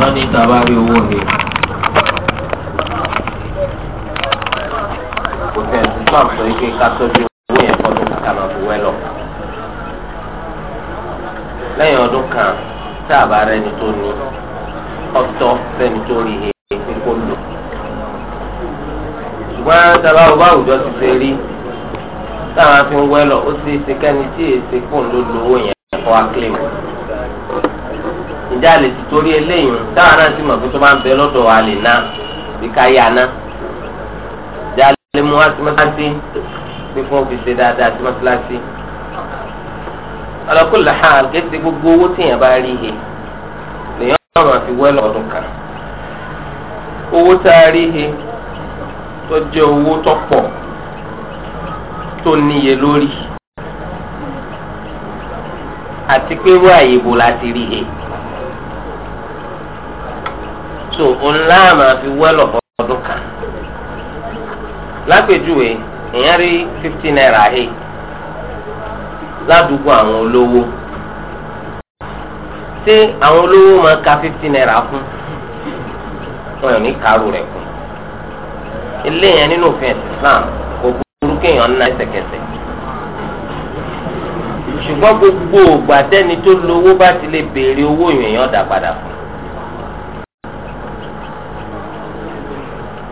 wọ́n ní tàbá rí owó he. kò tẹ̀ ẹ́ sísọ àpò ike ká tọ́jú owó yẹn fọ́dún kàkà máa fi wẹ́ lọ. lẹ́yìn ọdún kan tá a bá rẹni tó ní ọ̀tọ̀ fẹ́ni tó rí he pé kó lò. ṣùgbọ́n tàbá ọba àwùjọ ti ṣe rí táwọn afi ń wẹ́ lọ ó sì ṣe kẹ́ni tí èsì kùn ló lo owó yẹn fọ́ akílẹ̀ mọ́ ǹjẹ́ a lè ti torí eléyìí táwọn náà ti mọ̀ pé tó bá ń bẹ lọ́dọ̀ wa lè ná bí ká yá ná ǹjẹ́ a lè mú asimọ́síláṣí pé fún òfin ṣe dáadáa asimọ́síláṣí. ala kulli hal kéde gbogbo owó tíyẹn bá rí he lèyàn máa fi wẹ́lọ̀ ọdún kan owó tá a rí he tó jẹ́ owó tó pọ̀ tó níye lórí àti pé wọ́n àyèbò láti rí he. so ńlá máa fi wẹ́lọ̀ fọdún kan lápèjúwe èèyàn rí fifty naira he ládùúgbò àwọn olówó ṣé àwọn olówó máa ka fifty naira fún wọn ò ní kárò rẹ̀ fún eléyàn nínú òfin ẹ̀sìn Islam kò burú kéèyàn ná ẹsẹ̀kẹsẹ̀ ṣùgbọ́n gbogbo ògbà tẹ́ni tó lówó bá ti lè béèrè owó yẹn yọ̀ọ́ dá padà fún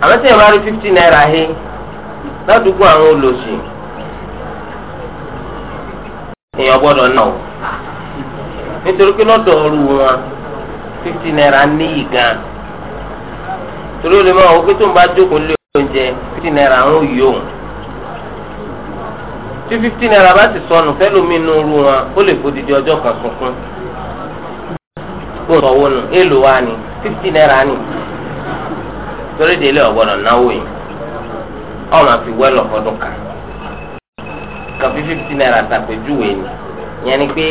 àmọ́ tí ìwádìí fifty naira he ládùúgbò àwọn olòṣì èèyàn gbọ́dọ̀ náà nítorí pé lọ́dọ̀ ọrù wọn fifty naira níyì gan torí olè máa wọ pé tó ń bá jókòó lé oúnjẹ fifty naira ń yó tí fifty naira bá ti sọnù fẹ́lómi inú ru wọn ó lè fòdìdí ọjọ́ kan sunkún gbọ́dọ̀ wọnù èèlò wa ni fifty naira ni. torí délé ọ̀gbọ́dọ̀ náwó yìí ọ̀nà fi wẹ́lọ̀ fọdún kan kọfí fifty naira tàpéjúwe ni ni pé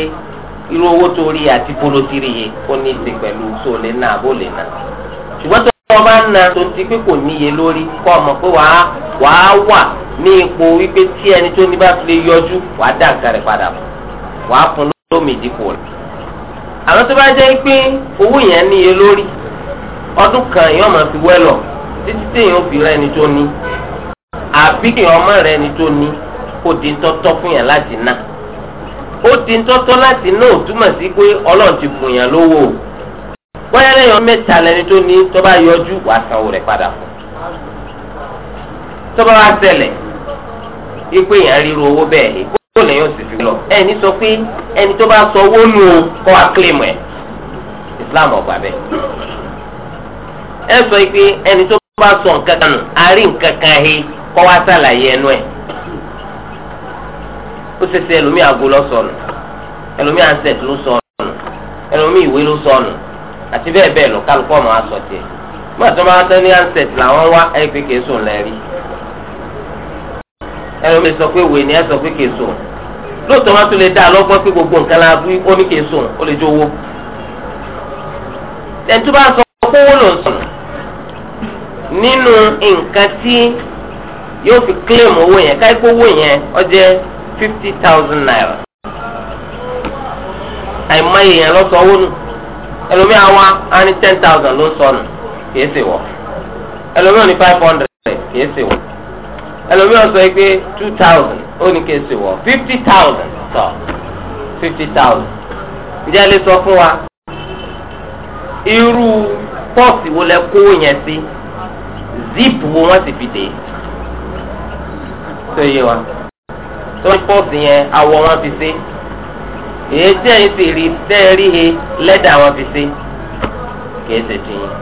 irú owó tó rí àti bolo rí yẹ ó ní í pẹ̀lú tó lè nà bó lè nà ṣùgbọ́n tó wọ́n bá na tó ti pé níye lórí ọmọ pé wàá wà ní ipò wípé tí ẹni tó ní bá fi padà wàá fún lómi ìdìpọ̀ rẹ̀ àwọn tó owó yẹn níye lórí ọdún títí téèyàn fi rẹ ẹni tó ní àbí kí ọmọ rẹ ẹni tó ní ó di tọ́tọ́ fún yàn láti ná ó di tọ́tọ́ láti ná ò túmọ̀ sí pé ọlọ́run ti fún yàn lówó o bóyá lẹ́yìn mẹ́ta lẹni tó ní tó bá yọjú wàá sanwó rẹ̀ padà fún tó bá wá ṣẹlẹ̀ ipe yẹn ríru owó bẹ́ẹ̀ ni kó lè yóò fi lọ. ẹni sọ pé ẹni tó bá sọ owó nù o kọ́ wa kílèmù ẹ̀ islam ọ̀gbà bẹ́ẹ̀. ẹ sọ pé ẹni tó bá sọ nǹkan kan nù àárí nǹkan kan he kọ́ wá sàlàyé ẹnu ẹ̀ ó ṣeṣe ẹlòmíì àgọ́ lọ sọnù ẹlòmíì ansẹt ló sọnù ẹlòmíì ìwé ló sọnù àti bẹ́ẹ̀ bẹ́ẹ̀ lọ kálukọ́ ọmọ asọ tiẹ̀ má tó máa tán ní ansẹt làwọn wá ẹ pé kìí sùn lẹ́rí ẹlòmíì sọ pé ìwé ni ẹ sọ pé kìí sùn lóòótọ́ wọn tún lè dá lọ́gbọ́n pé gbogbo nǹkan la bí ó ní kìí ó lè jó owó ẹni tó bá sọ pé owó ló ń sọnù nínú nǹkan tí yóò fi claim owó yẹn káyọ̀ pé owó yẹn ó fifty thousand naira àìmọye yẹn lọ sọ owó nù ẹlòmíà wa á ní ten thousand ló sọ nù kìí ṣe wọ ẹlòmíà ní five hundred kìí ṣe wọ ẹlòmíà sọ pé two thousand ó ní kìí ṣe wọ fifty thousand sọ fifty thousand ǹjẹ́ ẹ lè sọ fún wa irú pọ́ọ̀sì wo sí. Si? zip wo wọ́n sì fi dé tó yé wa tó ń pọ́ọ̀sì yẹn awọ wọn fi ṣe èyí tí ẹ̀yin sì rí tẹ́ẹ̀rí he lẹ́dà wọn fi ṣe kìí ṣe tìyìn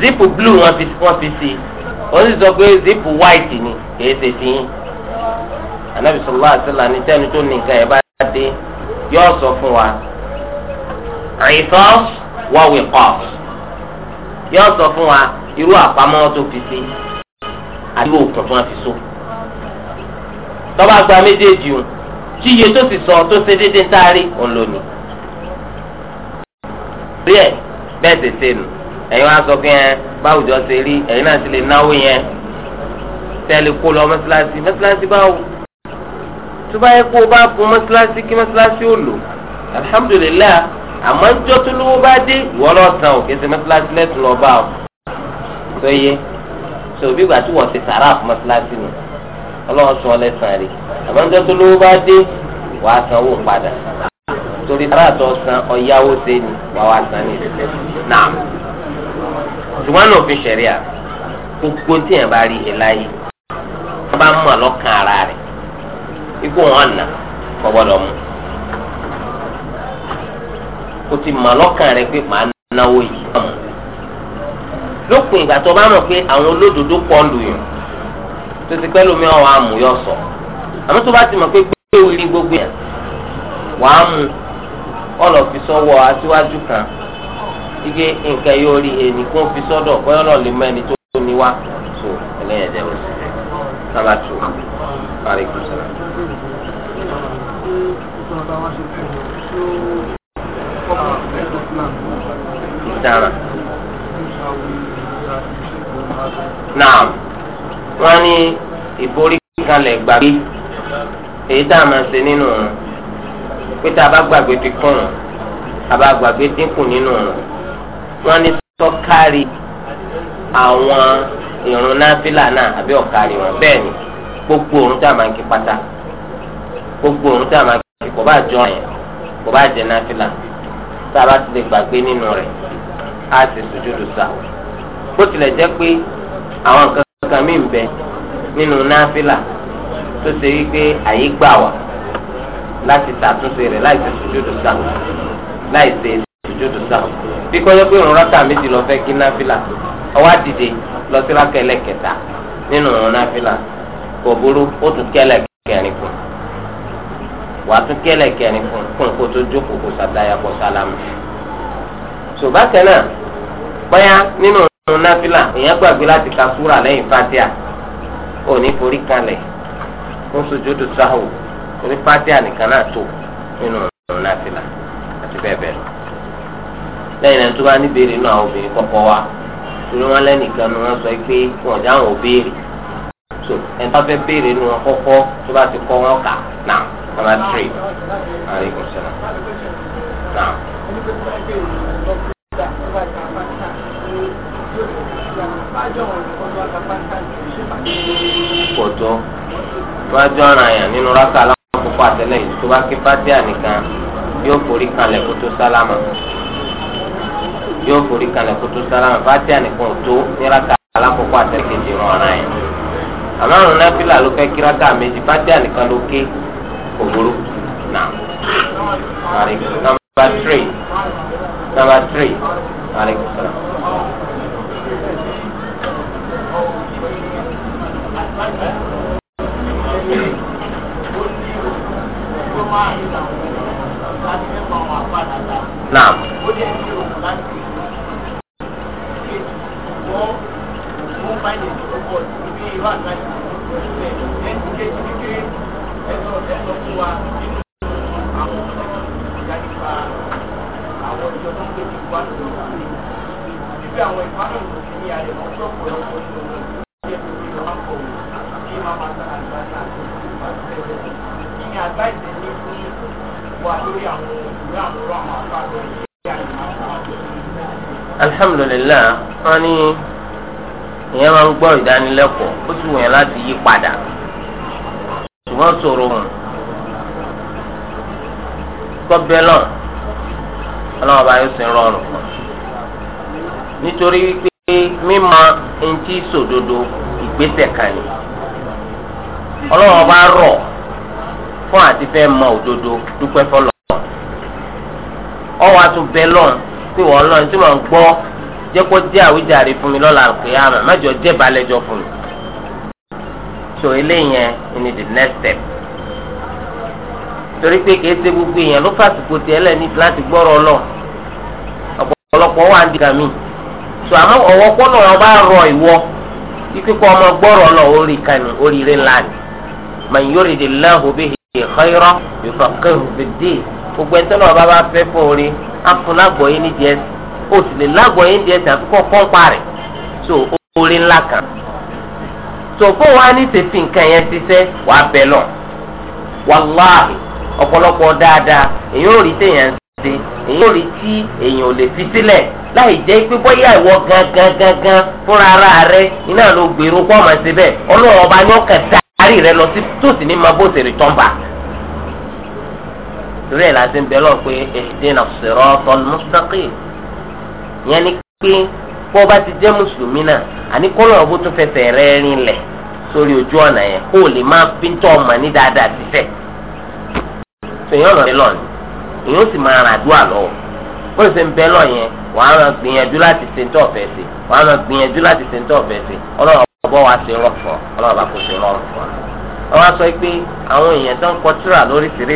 zip blue wọn fi wọ́n fi ṣe ó sì sọ pé zip white ni kìí ṣe tìyìn anabi sọlá àtìlá ní tẹ́ni tó ní nǹkan ẹ̀ bá dé yóò sọ fún wa àìsàn wọ́wìkọ́ọ̀sì yóò sọ fún wa irú àpamọ́ tó fi sí àti irú òkun tó wọn fi so. tọ́ba gba méjèèjì o tí iye tó sì sọ tó ṣe déédéé táàrí òun lò ní. rí ẹ bẹ́ẹ̀ tètè nù ẹ̀yin wá sọ pé ẹ báwùjọ ṣe rí ẹ̀yin náà sì lè náwó yẹn tẹ́lẹ̀ kó lọ mọ́ṣáláṣí mọ́ṣáláṣí báwo tó bá yẹ kó o bá kun mọ́ṣáláṣí kí mọ́ṣáláṣí ò lò alhamdulilayi àmọ́ njọ́ tó lówó bá dé ìwọ lọ san ò kéde mọ́sálásí lẹ́tù lọ bá ọ tó yẹ tó bí gbà tí wọ́n ti sàrà fún mọ́sálásí nù ọlọ́run sún ọ lẹ́sàn rí àmọ́ njọ́ tó lówó bá dé wàá sanwó padà torí sàrà tó san ọ̀yáwó ṣe ni wàá wá san ní ìrẹ̀lẹ̀ náà ṣùgbọ́n náà òfin ṣẹ̀ríà gbogbo tí yẹn bá rí he láyé wọ́n bá mú àlọ́ ara rẹ̀ ikú wọn nà o ti mọ̀ lọ́kàn rẹ pé màá náwó yìí. lópin ìgbà tó bá mọ̀ pé àwọn olódodo pọ̀ ń lùyàn tó ti pẹ́ lómi ọ̀ àmú yọ sọ àmọ́ tó bá ti mọ̀ pé gbé wíri gbogbo yẹn wàá mú ọlọ́ fi sọ́wọ́ aṣíwájú kan ike nǹkan yóò rí ẹni kó fi sọ́dọ̀ pé ọlọ́ lè mọ ẹni tó ní wá tó ẹlẹ́yìn ẹ̀dẹ̀ wọ́n rẹ̀ sábà parí kùsùn ọ̀daràn. náà wọ́n ní ìborí kanlẹ̀ gbàgbé èyí tá a máa ṣe nínú ọ̀run pé tá a bá gbàgbé ti kùn ọ̀run a bá gbàgbé dínkù nínú ọ̀run wọ́n ní sọ́kárì àwọn ìrun náfìlà náà àbí ọ̀kárì wọn bẹ́ẹ̀ ni gbogbo òrun tá a máa ń kí pátá gbogbo òrun tá a máa ń kí kò bá jọ ẹ̀ kò bá jẹ náfìlà tá a bá ti lè gbàgbé nínú rẹ̀ á ti sùjúdù sá bó tilẹ̀ jẹ́ pé àwọn kankan mi ń bẹ nínú náfìlà tó ṣe wípé àyè gbà wá láti ṣàtúnṣe rẹ̀ láì ṣe sùjúdù sá láì ṣe sùjúdù sá bí kò jẹ́ pé òun rákà méjì lọ fẹ́ kí náfìlà ọwọ́ àdìde lọ sí rákà ẹlẹ́kẹta nínú náfìlà kò burú ó tún kẹ́lẹ̀ kẹrin fún un wàá tún kẹ́lẹ̀ kẹrin fún kó tó jókòó kó sàdáyà kó sálámù. ṣùgbọ́n kẹ́nà bóyá nínú ọ̀nà náfìlà èèyàn gbàgbé láti ka súrà lẹ́yìn fatia ò ní forí kalẹ̀ fún sojúdù sahu orí fatia nìkan náà tó nínú ọ̀nà náfìlà àti bẹ́ẹ̀ bẹ́ẹ̀ lọ. lẹ́yìn náà tó bá ní béèrè náà àwọn obìnrin kọ́kọ́ wa torí wọn lẹ́nìkan ni wọ́n sọ pé wọn dá àwọn òbéèrè so ẹni tó fẹ́ béèrè nu wọn kọ́kọ́ tó bá ti kọ́ wọn kà náà nàmbà tírì àríkùsọ̀rọ̀ náà kòtó tó bá jọ ara yàn nínú rákà alákòókò àtẹlẹ yìí tó bá ké fátíà nìkan yóò forí kalẹ̀ kó tó sálámà yóò forí kalẹ̀ kó tó sálámà fátíà nìkan ò tó ní rákà alákòókò àtẹlẹ kejì ràn ara yàn àmọ́ àrùn náfìlà ló fẹ́ kí rákà méjì fátíà nìkan ló ké kò burú náà. Number three. Number three. Alaikum salam. náà. ó dẹ̀ ń lo láti ṣe wọ́n wọ́n fáìlì ìṣòro bí irú àtàkì ìṣòro ẹ̀ ń kéjì kékeré ẹ̀sọ́ ẹ̀sọ́ fún wa nínú àwọn ìjà nípa àwọn ìjọ tó ń gbé ti wá sí ọ̀gá bí àwọn ìbámu ìṣòro ní ayẹyẹ ọjọ́ pọ̀ lọ́wọ́ ìṣòro ìṣòro ìṣòro àpọ̀ kí máa máa tà àgbàdà àti ìṣòro àti ìṣòro ìṣòro ìṣòro àgbà ìṣòro wa lórí àwọn ìwé àwòrán alhamdulilayi wọn ní ìyẹn máa ń gbọ́ ìdánilẹ́kọ̀ọ́ ó sì wù yẹn láti yí padà ṣùgbọ́n sòrò hùn kọ́bẹ́ náà ọlọ́wọ́ bá yóò sin rọrùn fún nítorí wípé mímọ eŋti sòdodo ìgbésẹ̀ kan ni ọlọ́wọ́ fún àti fẹ́ mọ òdodo dúpẹ́ fọlọ́ ọ wàá tún pé wọ́n lọ́n tí màá gbọ́ jẹ́ kó jẹ́ àwíjàre fún mi lọ́la àlùkìyàmà mẹ́jọ jẹ́ balẹ̀jọ fún mi. so eléyẹn ni the next step. torí pé kìí ṣe gbogbo èèyàn ló fàsìkò tiẹ̀ lẹ́ni láti gbọ́rọ̀ lọ ọ̀pọ̀lọpọ̀ wà ń dìgbà mí. so àmọ́ ọ̀wọ́ pọ́nà ọba rọ ìwọ kíkọ́ ọmọ gbọ́rọ̀ lọ orí kanu oríire ńlá ni. man yuridilahu bihi khayran yufaqqihhu fid-din gbogbo ẹni tọ́lọ́ bá bá fẹ́ fún orí afun lágbọ̀ọ́yé ní díẹ̀ o sì lè lágbọ̀ọ́yé ní díẹ̀ sí àfikọ́ rẹ̀ so orí ńlá kan so fún wa ní tètè nǹkan yẹn ṣiṣẹ́ wàá bẹ̀ lọ wàláhì ọ̀pọ̀lọpọ̀ dáadáa èyí ò rí téèyàn ṣe èyí ò rí tí èyàn ò lè fi sílẹ̀ láì jẹ́ pé bóyá ìwọ gangan gangan fúnra ara rẹ iná ló gbèrú pọ́ọ̀mọ̀ síbẹ̀ ọlọ́run ọba ni ó kàn torí ẹ̀ la ti ń bẹ lọ pé ihdina siratal mustaqim yẹn ni pé kó o bá ti jẹ́ mùsùlùmí náà àní kó lọ́wọ́ bó tún fẹsẹ̀ rẹ rin lẹ̀ sórí ojú ọ̀nà yẹn kó o lè máa fi ń tọ́ ọmọ ní dáadáa ti fẹ́. sèyàn ọ̀nà bẹ́ẹ̀ lọ́ọ̀ni èyí ó sì máa ràn àdúrà lọ́wọ́ bó ṣe ń bẹ lọ́ọ̀ yẹn wàá máa gbìyànjú láti ṣe ntọ́ ọ̀fẹ́ ṣe wàá máa gbìyànjú láti ṣe ntọ́ ọ̀fẹ́ ṣe ọlọ́run ọgbọ́ wa ṣe rọ̀ fún ọ ọlọ́run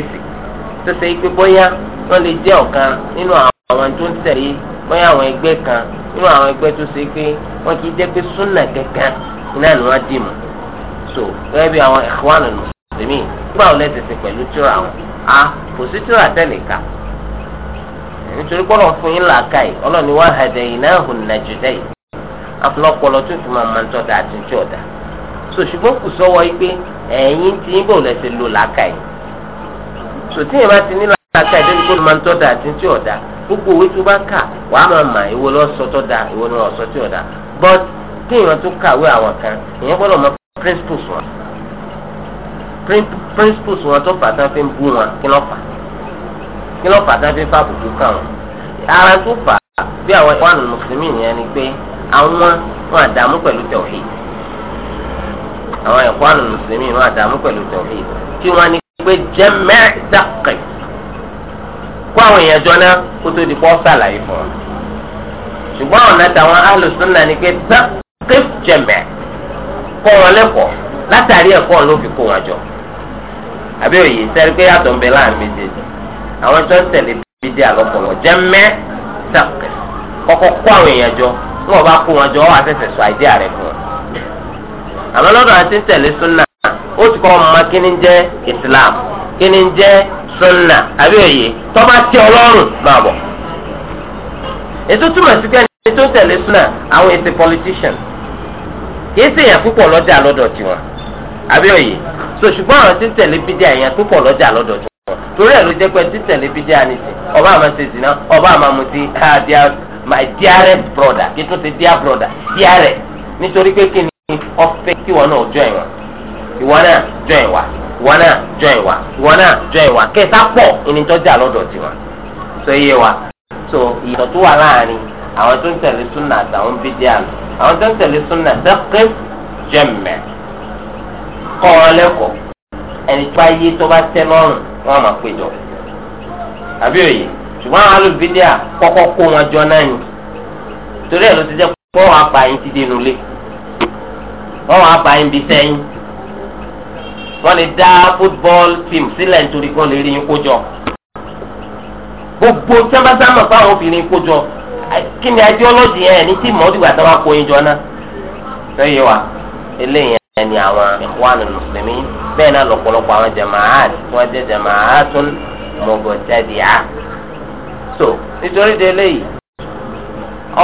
bá tó ṣe pé bóyá wọ́n lè jẹ́ ọ̀kan nínú àwọn tó ń tẹ̀lé bóyá àwọn ẹgbẹ́ kan nínú àwọn ẹgbẹ́ tó ṣe pé wọ́n kì í jẹ́ pé súnà kankan iná ni wọ́n dì mọ́ so gẹ́gẹ́ bí àwọn Ikhwanul Muslimin nígbà wo lẹ́sẹ̀ sí pẹ̀lú tíra àwọn a kò sí tíra tẹ̀léka nítorí pé ọlọ́run fún yín làákà yìí ọlọ́run ni wọ́n hàdẹ̀ yìí náà hùn nàjùdẹ́ yìí afúnlọ́pọ̀lọ́ tó fi máa máa ń tọ́da àti ń tí ọ̀dà so ṣùgbọ́n kù sọ́wọ́ yìí pé ẹ̀yin tí yín bò lẹ́sẹ̀ lò làákà yìí sòtí yẹn bá ti nílò àti àìdẹ́bi kó ló máa ń tọ́ da àti tí ọ̀dà gbogbo òwe tó bá kà wàá máa mà ìwọ lọ sọ tọ́ da ìwọ lọ sọ tí ọ̀dà but kí èèyàn tó kàwé àwọn kan èèyàn gbọ́dọ̀ mọ principles wọn principles wọn tó fà tán fi ń bú wọn kí ló fà kí ló fà tán fi ń fà bùkún kàn wọn ara tó fà bí àwọn ìwádìí mùsùlùmí nìyẹn ni pé àwọn wọn àdààmú pẹ̀lú tẹ̀wé àwọn ìwádìí mùsùlùmí wọn àdààmú pẹ̀lú tẹ̀wé kí wọ́n ní pé jẹ́mẹ́ dàkẹ́ kó àwọn èèyàn jọ náà kó tó di pọ́ sàlàyé fún wọn. ṣùgbọ́n àwọn náà tàwọn ahlùsùn náà ni pé dàkẹ́ jẹ́mẹ́ kọ́ wọn lẹ́kọ̀ọ́ látàrí ẹ̀kọ́ ló fi kó wọn jọ. àbí òye sẹ́rí pé yàtọ̀ ń bẹ láàrin méjèèjì àwọn tó ń tẹ̀lé bídí àlọ́pọ̀lọ́ jẹ́mẹ́ dàkẹ́ kọ́kọ́ kó àwọn èèyàn jọ ní wọ́n bá kó wọn jọ wọ́n á tẹ̀sẹ̀ sọ àìdí àrẹ fún wọn. àmọ́ lọ́dọ̀ àti tẹ̀lé súnà ó ti kọ́ ọmọ kíni jẹ́ islam kíni jẹ́ sunna àbí òye tọ́ba tí ọlọ́run máa bọ̀. ètò túmọ̀ sí pé ẹni tó tẹ̀lé sunna àwọn èsì politician kìí ṣèyàn púpọ̀ lọ́jà lọ́dọ̀ tiwọn àbí òye so ṣùgbọ́n àwọn tí ń tẹ̀lé bídíà èèyàn púpọ̀ lọ́jà lọ́dọ̀ tiwọn torí ẹ̀ ló jẹ́ pé tí tẹ̀lé bídíà ni sí ọba àmọ́ ṣe zina ọba àmọ́ mu ti ah, my dearest brother kí tún ti dear brother dearest nítorí pé kí ni ọ̀fẹ́ kí wọn náà jọ ẹ̀wọ̀n ìwọ náà join wa ìwọ náà join wa ìwọ kẹta pọ̀ ìnitọ́jà lọ́dọ̀ tiwọn sọ iye wa so ìyàtọ̀ tó wà láàrin àwọn tó ń tẹ̀lé súnà àtàwọn bídíà lọ àwọn tó ń tẹ̀lé súnà sẹ́kẹ́ jẹ̀mẹ̀ kọ́ ọ lẹ́kọ̀ọ́ ẹni tó ayé tó bá tẹ́ lọ́rùn wọn máa péjọ àbí òye ṣùgbọ́n àwọn alùbídíà kọ́kọ́ kó wọn jọ náà ni torí ẹ̀ ló ti jẹ́ pé wọ́n wàá pa yín ti dénú lé wọ́n wàá pa yín bí sẹ́yìn wọ́n lè dá football team sílẹ̀ nítorí kan lè rí yín kójọ. gbogbo sábàsámà fáwọn obìnrin kójọ kí ni ideology yẹn ní tí mọ́ọ́dù gbàtà wà kó yín jọ náà. lẹ́yìn wa eléyìí ẹni àwọn ìkwánu mùsùlùmí bẹ́ẹ̀ náà lọ́pọ̀lọpọ̀ àwọn jamaat tí wọ́n jẹ́ jamaatun mọ̀gọ́tẹ́dìá. so nítorí de eléyìí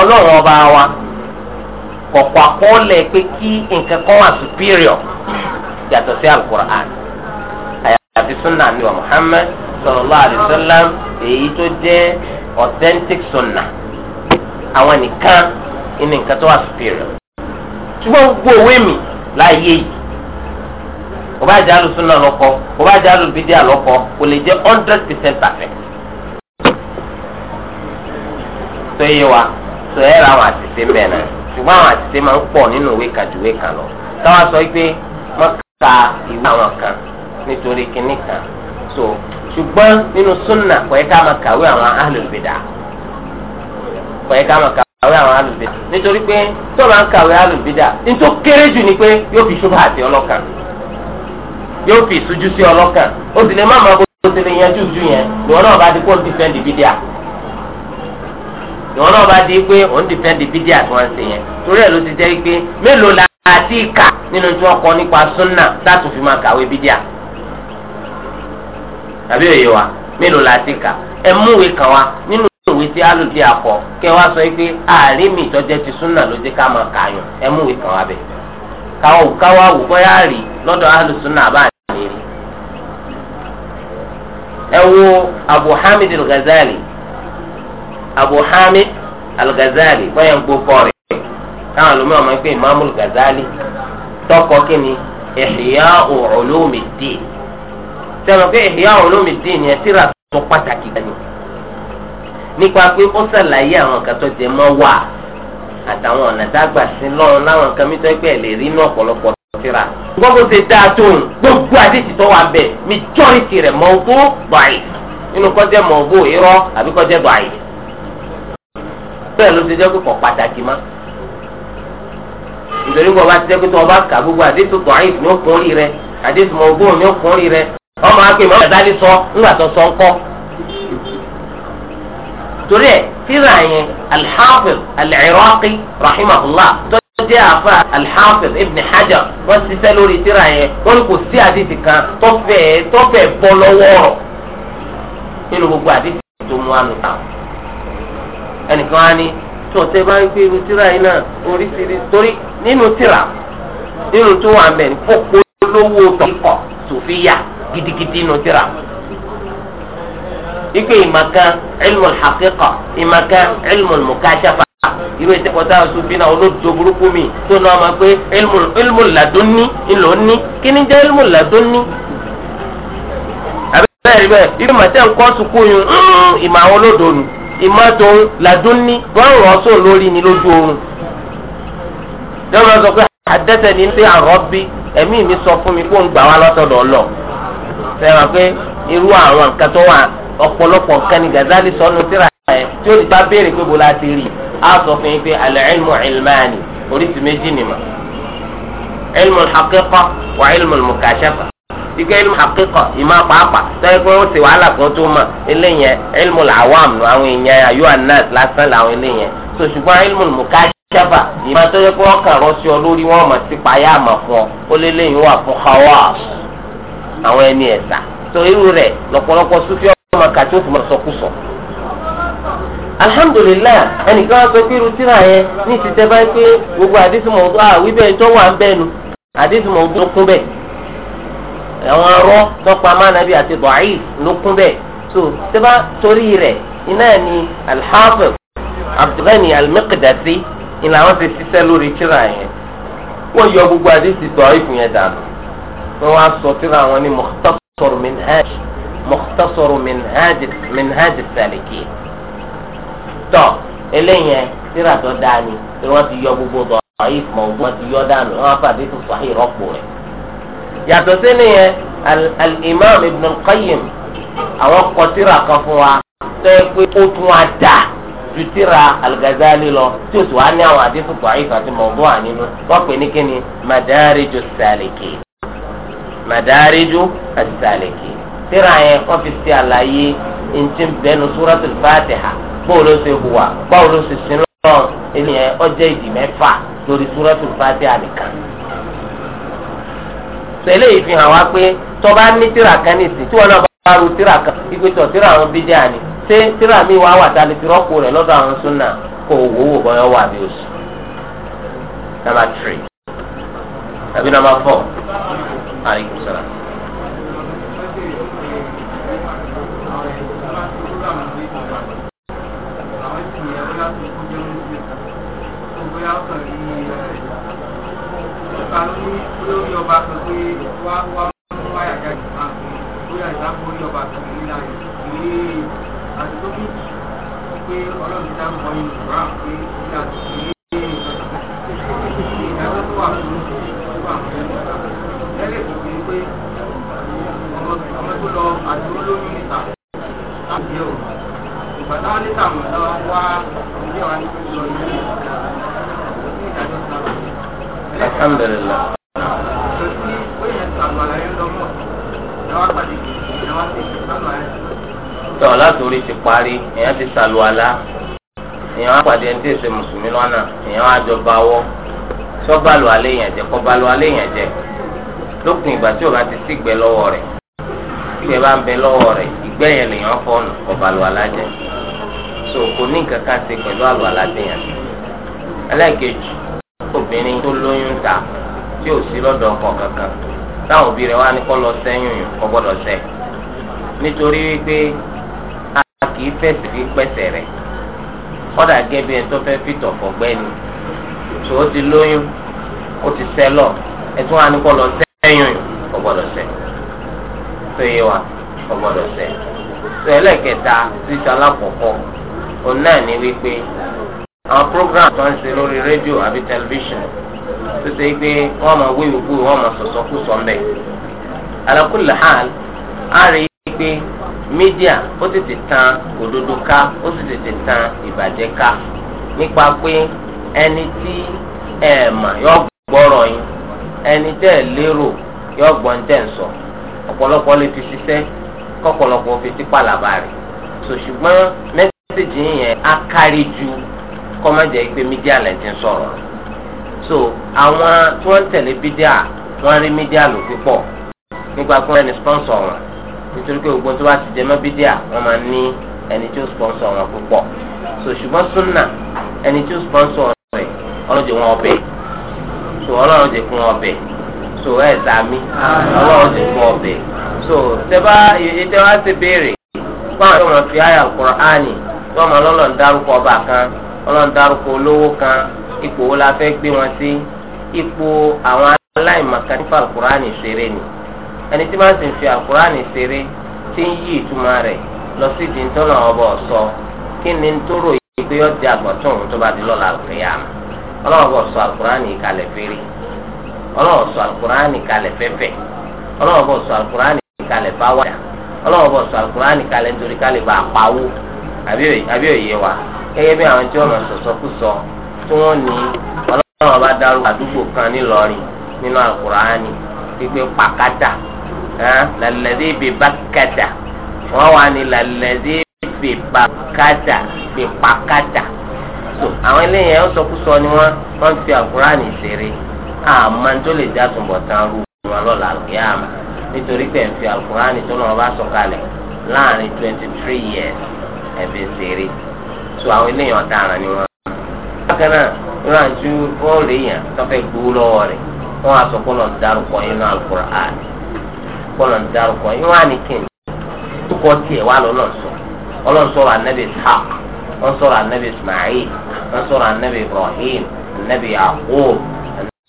ọlọ́run ọba wa kọ̀kọ́ àkọọ́lẹ̀ pé kí nǹkan kan wà superior yàtọ̀ sí alukur'an àyàfi sunna mi wa Muhammad, sallallahu alayhi wa sallam èyí tó jẹ́ authentic sunna àwọn nìkan ní nǹkan tó wà superior ṣùgbọ́n gbogbo òwe mi láàyè yìí kò bá jẹ́ alùsùnà lọ́kọ́ kò bá jẹ́ alùbídíà lọ́kọ́ kò lè jẹ́ hundred percent perfect. tó yé wa tó yẹ ra àwọn àtìsé mẹ́rin ṣùgbọ́n àwọn àtìsé máa ń pọ̀ nínú ìwé kan ju ìwé kan lọ táwa sọ pé wọ́n ta ìwé àwọn kan nítorí kínní kan so ṣùgbọ́n nínú súnà kò yẹ ká máa kàwé àwọn n'itori kò yẹ ká máa kàwé àwọn ahlul nítorí ni pé yóò fi ṣubú àti ọlọ́kan yóò fi ìṣújú sí ọlọ́kan ó sì lè má máa bó ṣe lè yanjú ju yẹn lọ́wọ́ náà bá di kó ń dìfẹ́ǹdì bídíà lọ́wọ́ náà bá di pé dìfẹ́ǹdì bídíà la àti ìka nínú tí wọ́n kọ́ nípa súnà láti fi máa kàwé bídíà àbí òye wa mélòó la ti kà ẹ mú ìwé kan wa nínú ìwé tí alùbí akọ kẹ wá sọ pé ààrí mi ìtọ́jẹ́ ti súnà ló dé ká máa kààyàn ẹ mú ìwé kan wa bẹ̀ káwọ́ káwọ́ wò bóyá rí lọ́dọ̀ alùsúnà àbá àlè rí ẹ wo Abu Hamid al-Ghazali Abu Hamid al-Ghazali bóyá ń gbó kọrin táwọn olùmọ̀ máa ń pè Imamul Ghazali tọkọ kíni Ihya Ulumuddin sẹ́wọ̀n pé Ihya Ulumuddin ni ẹ tíra tó pàtàkì gan ni nípa pé ó ṣàlàyé àwọn kan tó jẹ mọ́ wà àtàwọn ọ̀nà tá a gbà sí lọ́run láwọn nǹkan mi tó ẹgbẹ́ ẹ̀ lè rí inú ọ̀pọ̀lọpọ̀ síra. gbogbo ṣe dáa tó ń gbogbo àdéhì tó wà bẹ́ẹ̀ majority rẹ̀ mawdu báyìí nínú kọjá mawdu irọ́ àbí kọjá báyìí. bẹ́ẹ̀ ló ti jẹ́ pé pàtàkì má torí bọ́ bá ti jẹ́ pé tó o bá kà gbogbo àdéhùn bọ̀ọ̀yìn ní òkun orí rẹ àdéhùn mọ̀gbọ́n ní òkun orí rẹ ọmọ akpè mọ́ ẹ̀dá lè sọ ńgbà tó sọ ńkọ́. torí ẹ̀ tíra yẹn alḥafiz al-Iraqi rahimahullah tó jẹ́ àfa alḥafiz ibn hajar wọ́n ti sẹ́ lórí tíra yẹn wọ́n kò sí àdéhùn kan tó fẹ́ bọ́ lọ́wọ́ rọ̀ nínú gbogbo àdéhùn tó mú àánú ta ẹnìkan á ní tó bá ń gbé nínú tírà nínú tó wà mẹ́ ní kókó lówó tọ́kọ̀ sòfíyà gidigidi nínú tírà ike ìmàkan ilmu al-haqiqa ìmàkan ilmu al-mukashafa irú ètò ìkọta àṣùfin náà olóòtú burúkú mi tó náà máa pé ilmu ladunni ńlọ ní kí ni jẹ́ ilmu ladunni bẹ́ẹ̀ni bẹ́ẹ̀ ibi màtẹ́ nǹkan sunkún yun mm, ìmọ̀ àwọn olódò nù ìmọ̀ tó bọ́ọ̀rọ̀ ọ̀sùn lórí ni lójú oorun lẹ́yìn náà sọ pé àdẹ́sẹ̀ ní ṣé àrọ́bí ẹ̀mí mi sọ fún mi kó ń gbà wá lọ́sọ̀dọ̀ ọlọ fẹ́ràn pé irú àwọn nǹkan tó wà ọ̀pọ̀lọpọ̀ nǹkan ni Gazali sọnù síra ẹ̀ tí ó ti bá béèrè pé bó la ti rí a sọ fún yín pé al-ilmu ilmani oríṣi méjì ni mà ilmu al-haqiqa ilmu mukashafa ìgbà ilmu haqiqa ìmọ̀ pàápàá sọ́yìn pé ó ti wàhálà kan tó mọ̀ eléyẹn ilmu làwọn àmì àwọn èèyàn ayọ́ anas jábà ìmọ̀ tó yẹ kó wọ́n kàn rọ́ sí ọ lórí wọn mà sí payá àmọ̀ fún ọ ó lé lẹ́yìn wà fún hawa àwọn ẹni ẹ̀sà tó irú rẹ̀ lọ́pọ̀lọpọ̀ sufi ọmọ kàtí ó fi máa sọkúsọ. alhamdulilayi ẹnìkan wá sọ pé irú tíra yẹn ní ti tẹ́ báyìí pé gbogbo àdísì mọ̀ ọ́dún àwí bẹ́ẹ̀ tó wà ń bẹ́ẹ̀ nu àdísì mọ̀ ọ́dún ló kún bẹ́ẹ̀ àwọn arọ́ tọ́pọ̀ amánàbí àti bọ̀ọ́yì ló kún bẹ́ẹ̀ tó tẹ́ bá torí rẹ̀ iná ni alhafiz abdulgani almiqdasi ìlà wọn ti ṣiṣẹ́ lórí tíra yẹn wọ́n yọ gbogbo àdéhùn tó ìfún yẹn dànù wọ́n wá sọ tíra wọn ní mukhtasar minhaj mukhtasar minhaj minhaj salikin tọ́ eléyẹn tíra tó dáa ni tí wọ́n ti yọ gbogbo tó ìfún wọn wọ́n ti yọ dànù wọ́n wá fàdé tó sọ ìrọ́pò rẹ̀ yàtọ̀ sí nìyẹn al ibn al àwọn kọ tíra kan fún wa tẹ́ pé ó tún wá dáa ju tírà al-Ghazali lọ tí o sì wá ní àwọn àdéhùn tó àyíká tí mo bọ́ ànínú wọ́n pè ní kíni Madariju Salikin Madariju Salikin tírà yẹn wọ́n fi ṣe àlàyé ntí bẹ́nu Suratul Fatiha báwo ló ṣe hùwà báwo ló ṣe sin lọ́n ènìyàn ọjọ́ ìdì mẹ́fà lórí Suratul Fatiha nìkan. sẹ́lẹ̀ yìí fi hàn wá pé tọ́ba ní tírà kan ní tí wọ́n náà bá rú tírà kan ìgbésọ̀ tírà àwọn bídíà ni ṣé tíra mi wá wà tálẹ́ fi rọ́pò rẹ̀ lọ́dọ̀ àwọn súnà kó owó wò bọ́yọ̀ wà bí oṣù. nàmbà tírì àbí nàmbà fọ́ àríkù sọ̀rọ̀. Thank you àti tó bí pé ọlọ́run dá mọ́ inú ìgbà pé ìgbà tó ṣe é ìdájọ́ tó wà fún ìgbà fún ìgbà lẹ́lẹ̀ tó fi pé ọmọ tó lọ àti olóyún níta láti ẹ̀ o ìgbà táwọn níta mọ̀ lọ wá ilé wa ní lọ ilé ìdájọ́ tó lọ. Alhamdulillah. Sọ sí pé yẹn tó àgbàlá yẹn lọ mọ̀ ẹ wá pàdé ẹ wá sí sọ̀rọ̀ látòrí ti parí èèyàn ti sàlù àlá èèyàn á pàdé ẹni tí èsè mùsùlùmí lọ́nà èèyàn á jọ bá wọ́ sọ bàlù alẹ́ yẹn jẹ kọ́ bàlù alẹ́ yẹn jẹ lópin ìgbà tí o bá ti sígbẹ́ lọ́wọ́ rẹ̀ sígbẹ́ bá ń bẹ lọ́wọ́ rẹ̀ ìgbẹ́ yẹn lèèyàn fọ́ọ̀nù kọ́ bàlù alájẹ so kò ní nǹkan ká ṣe pẹ̀lú àlù alájẹ yẹn ẹlẹ́ẹ̀kejì obìnrin tó lóyún ta tí ò sí lọ́dọ̀ ọkọ kankan táwọn òbí rẹ̀ wá ní kọ́ lọ sẹ́yìn kọ́ gbọ́dọ̀ sẹ́ nítorí wípé kì í fẹ̀sì fi pẹ̀sẹ̀ rẹ̀ kọ́dà gẹ́bí ẹ tó fẹ́ fìtọ̀ fọ̀gbẹ́ni tó o ti lóyún o ti sẹ́lọ̀ ẹ̀tún wa ni kò lọ sẹ́yìn kò gbọ́dọ̀ sẹ́ tó yé wa kò gbọ́dọ̀ sẹ́ tó ẹlẹ́kẹta sísọ alákọ̀ọ́kọ́ òun náà ní wípé àwọn program tó ń ṣe lórí rédíò àbí tẹlifíṣàn tó ṣe pé wọ́n máa wíwú kú wọ́n máa sọ̀sọ́ kú sọ́ńbẹ́ alákùlẹ̀ hàn á rí pé mídíà ó tètè tan òdodo ká ó sì tètè tan ìbàjẹ́ ká nípa pé ẹni tí ẹ mà yọ gbọ́rọ̀ yín ẹni tẹ́ ẹ lérò yọ gbọ́n tẹ́ ń sọ ọ̀pọ̀lọpọ̀ lè fi ṣiṣẹ́ kọ́pọ̀lọpọ̀ fi tipa làbá rẹ̀ sò ṣùgbọ́n mẹ́sàgì yẹn á kárí ju kọ́mọ̀jẹ́ pé mídíà lẹ̀ ti sọ̀rọ̀ so àwọn tí wọ́n tẹ̀lé mídíà wọ́n rí mídíà lò pípọ̀ nígbà pé wọ́n ní sponsor wọn nítorí pé gbogbo tó bá ti jẹ mọ́ bídíà wọ́n máa ní ẹni tí ó sponsor wọn púpọ̀ so ṣùgbọ́n súnà ẹni tí ó sponsor rẹ̀ ọlọ́jẹ̀ wọn ọbẹ̀ so ọlọ́run jẹ fún ọbẹ̀ so ẹ̀ sàmí ọlọ́run jẹ fún ọbẹ̀ so tẹ́bá iye tẹ́wá ti béèrè fún àwọn ọmọ fi àyà Kùránì tí wọ́n máa lọ́lọ́ ń dárúkọ ọba kan ọlọ́run dárúkọ olówó kan ipò wo la fẹ́ gbé wọn sí ipò àwọn aláìmọ̀kan nípa Kùránì ṣeré ni ẹni tí máa ń sì fi àkùránì ṣeré tí ń yí ìtumọ̀ rẹ̀ lọ sí ìdí tó náà ọba ọ̀sọ́ kí ni ń tó ròyìn pé yọ di àgbọ̀tún òun tó bá di lọ́la àlùkìyàm ọlọ́run bọ̀ sọ àkùránì kalẹ̀ fèrè ọlọ́run sọ àkùránì kalẹ̀ fẹ́fẹ́ ọlọ́run bọ̀ sọ àkùránì kalẹ̀ fáwádà ọlọ́run bọ̀ sọ àkùránì kalẹ̀ nítorí kalẹ̀ bá pawó àbí òye wa gẹ́gẹ́ bí àwọn tí lalẹ́dí bi wọ́n wà ní lalẹ́dí bi bákàtà so àwọn eléyìí ẹ̀ ń sọkúsọ ni wọ́n wọ́n fi àkùránì ṣeré àmọ́ tó lè já túnbọ̀ rú wọn lọ́la àlùkìyàmà nítorí pé ń fi àkùránì tó lọ́wọ́ bá sọ̀kalẹ̀ láàrin twenty three years ẹ̀ ṣeré so àwọn eléyìí ọ̀daràn ni wọ́n. bákan náà irú àǹtí ó rí yàn tó fẹ́ gbowó lọ́wọ́ rẹ̀ wọ́n á sọ pé wọ́n darúkọ inú àlùkùránì kọlọ̀ ń darúkọ yín wá ní kíni kókó tiẹ̀ wá lọ́lọ́ sọ ọlọ́run sọ̀rọ̀ anabi ishaq wọ́n sọ̀rọ̀ anabi ismail wọ́n sọ̀rọ̀ anabi ibrahim anabi yaqub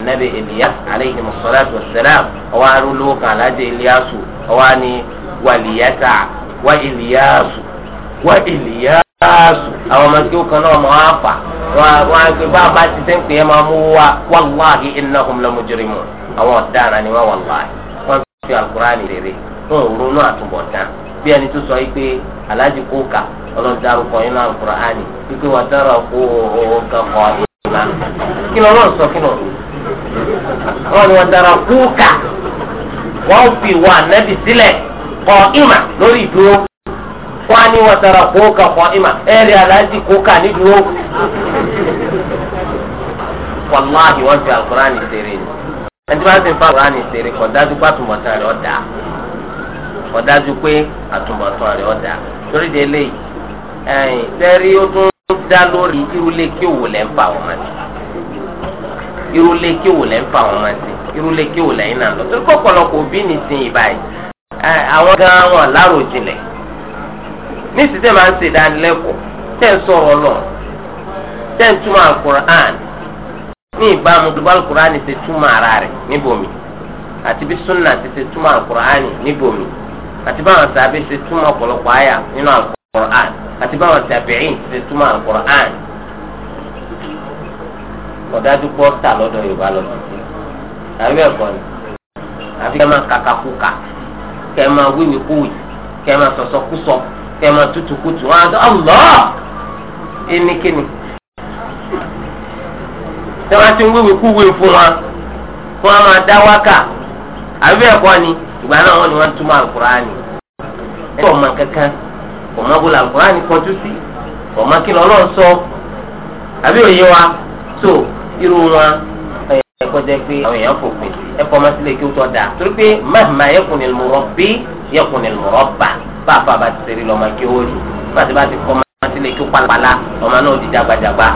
anabi ilyas aleyhi musalatu wasalam ọwọ́ arúgbó kan alájẹ ilyasu ọwọ́ ni waliyata wa ilyasu wa ilyasu àwọn ọmọ kí ó kan náà máa fà wọn á gbé báwa bá ti sẹ́ńpẹ́ máa mú wa wàláhi innahum la mujrimun àwọn ọ̀daràn ni wọ́n wàláhi fi alukurani rere fún òrònú àtúbọ̀tán bí ẹni tó sọ pé aláàjì kó kà ọlọ́dàrúkọ inú alukurani wípé wà dára kó o kankan ìlà kí ló lọ́n sọ kí ló wọ́n ni wọ́n dára kó kà wọ́n fi wà nẹ́bi sílẹ̀ kọ ìmà lórí ìdúró wọ́n á ní wọ́n dára kó kà kọ ìmà ẹ̀rí aláàjì kó kà nídúró wàláhì wọ́n fi alukurani rere ni. ẹni tí wọ́n ti ń fa kùránì ṣeré kò dájú pé àtúmọ̀tán rẹ̀ ọ̀dà kò dájú pé àtúmọ̀tán rẹ̀ ọ̀dà torí de lè ẹ̀yìn sẹ́rí ó tún dá lórí irúlé kí òwò lẹ́ ń fa àwọn ọmọdé irúlé kí òwò lẹ́ ń fa àwọn ọmọdé irúlé kí òwò lẹ́yìn náà lọ torí pọ̀pọ̀lọpọ̀ òbí nìsín àwọn gan wọn jinlẹ̀ ní ìsìtẹ́ máa ń ṣe ìdánilẹ́kọ̀ọ́ tẹ́ ń sọ̀rọ̀ lọ tẹ́ ń túmọ̀ ní ìbámu bí alukur'ani ṣe túmọ̀ ara rẹ̀ níbòmí àti bí sunna ti ṣe túmọ̀ alukur'ani níbòmí àti báwọn sàbẹ̀ ṣe túmọ̀ ọ̀pọ̀lọpọ̀ àyà nínú alukur'an àti báwọn tàbíìn ṣe túmọ̀ alukur'an ọ̀dájú pọ̀ tà lọ́dọ̀ yorùbá lọ sí àbí ẹ̀kọ́ ni àfi kẹ́ máa kàkà kúkà kẹ́ máa wíwì kúwì kẹ́ máa sọ̀sọ̀ kúsọ kẹ́ máa tutù kútù wọn àti ọ̀lọ́ tí wọ́n ti ń wéwèé kú wéwèé fún wọn fún wọn máa dá wákà àbí bẹ́ẹ̀ ni ìgbà náà wọ́n ni wọ́n túmọ̀ alukur'ani ẹni ọmọ kankan ọmọ bolo alukur'ani kọjú sí ọmọ kí lọ́lọ́ sọ àbí òye wa tó irú wọn ẹ̀kọ́ jẹ́ pé àwọn èèyàn fòpin ẹ̀kọ́ ọmọ sílẹ̀ kí ó tọ́ da torí pé mahma yẹkùn ni mo rọ bí yẹkùn ni mo rọ bà bàbá bá ti sẹ́rí lọ́mọ kí ó rí bàtí bá ti kọ́ ọmọ sílẹ̀ kí ó palapala ọmọ náà di jagbajagba.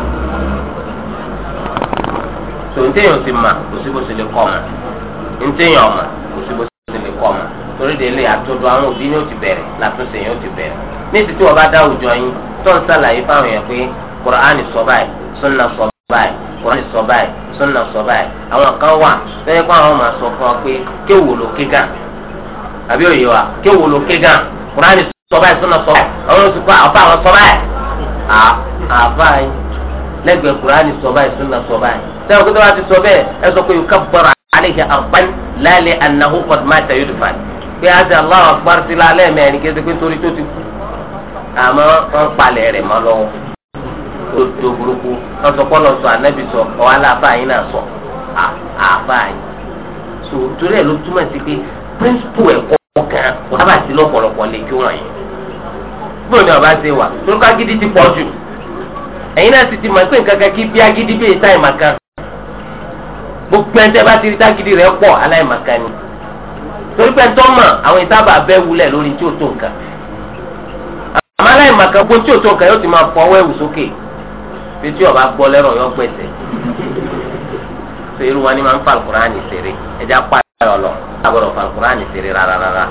so ntẹ̀yìn ti mà kò sí lè kọ́ ọmọ ntẹ̀yìn ọmọ kò sí lè kọ́ torí de àwọn òbí ni ó ti bẹ̀rẹ̀ látúnṣe yẹn ó ti bẹ̀rẹ̀ ní ti tí bá dá àwùjọ yín tó ń sàlàyé fáwọn yẹn pé kùránì sọ báyìí súnà sọ báyìí kùránì sọ báyìí súnà sọ báyìí àwọn kan wà lẹ́yìn pé ọ pé ló ké àbí òye wa ló ké sẹ́wọ̀n kó tó bá ti sọ bẹ́ẹ̀ ẹ sọ pé yòókà bọ̀rọ̀ àlejò àgbáyé lálẹ́ ànáhó kọ̀dùmáta yóò dùfà pé a ti Allahu akbar sí lálẹ́ mẹ́rin kí ẹ ti pé torí tó ti kú àmọ́ wọ́n palẹ̀ rẹ̀ mọ́ lọ́wọ́ tó do burúkú wọ́n sọ kọ́lọ̀ sọ ànábì sọ ọ̀hún aláàbáyé náà sọ àbáyé so torí ẹ̀ ló túmọ̀ sí pé píríncípù ẹ̀kọ́ kan wọ́n bá ti lọ́pọ̀lọpọ̀ lè kí wọ́n yẹn gbogbo ẹni tẹ́ bá ti rí tágídí rẹ̀ pọ̀ aláìmọ̀kan ni torí pé tó mọ̀ àwọn ìsábà bẹ́ wulẹ̀ lórí tí ó tó nǹkan àmọ́ aláìmọ̀kan gbogbo tí ó tó nǹkan yóò ti máa fọ ọwọ́ ẹ̀wù sókè pé tí ọba gbọ́ lẹ́rọ̀ yọ gbẹ̀sẹ̀ so irú wa ni máa ń fa alukurani ṣeré ẹja pa ẹ̀rọ lọ àbọ̀rọ̀ fa alukurani ṣeré rárá rárá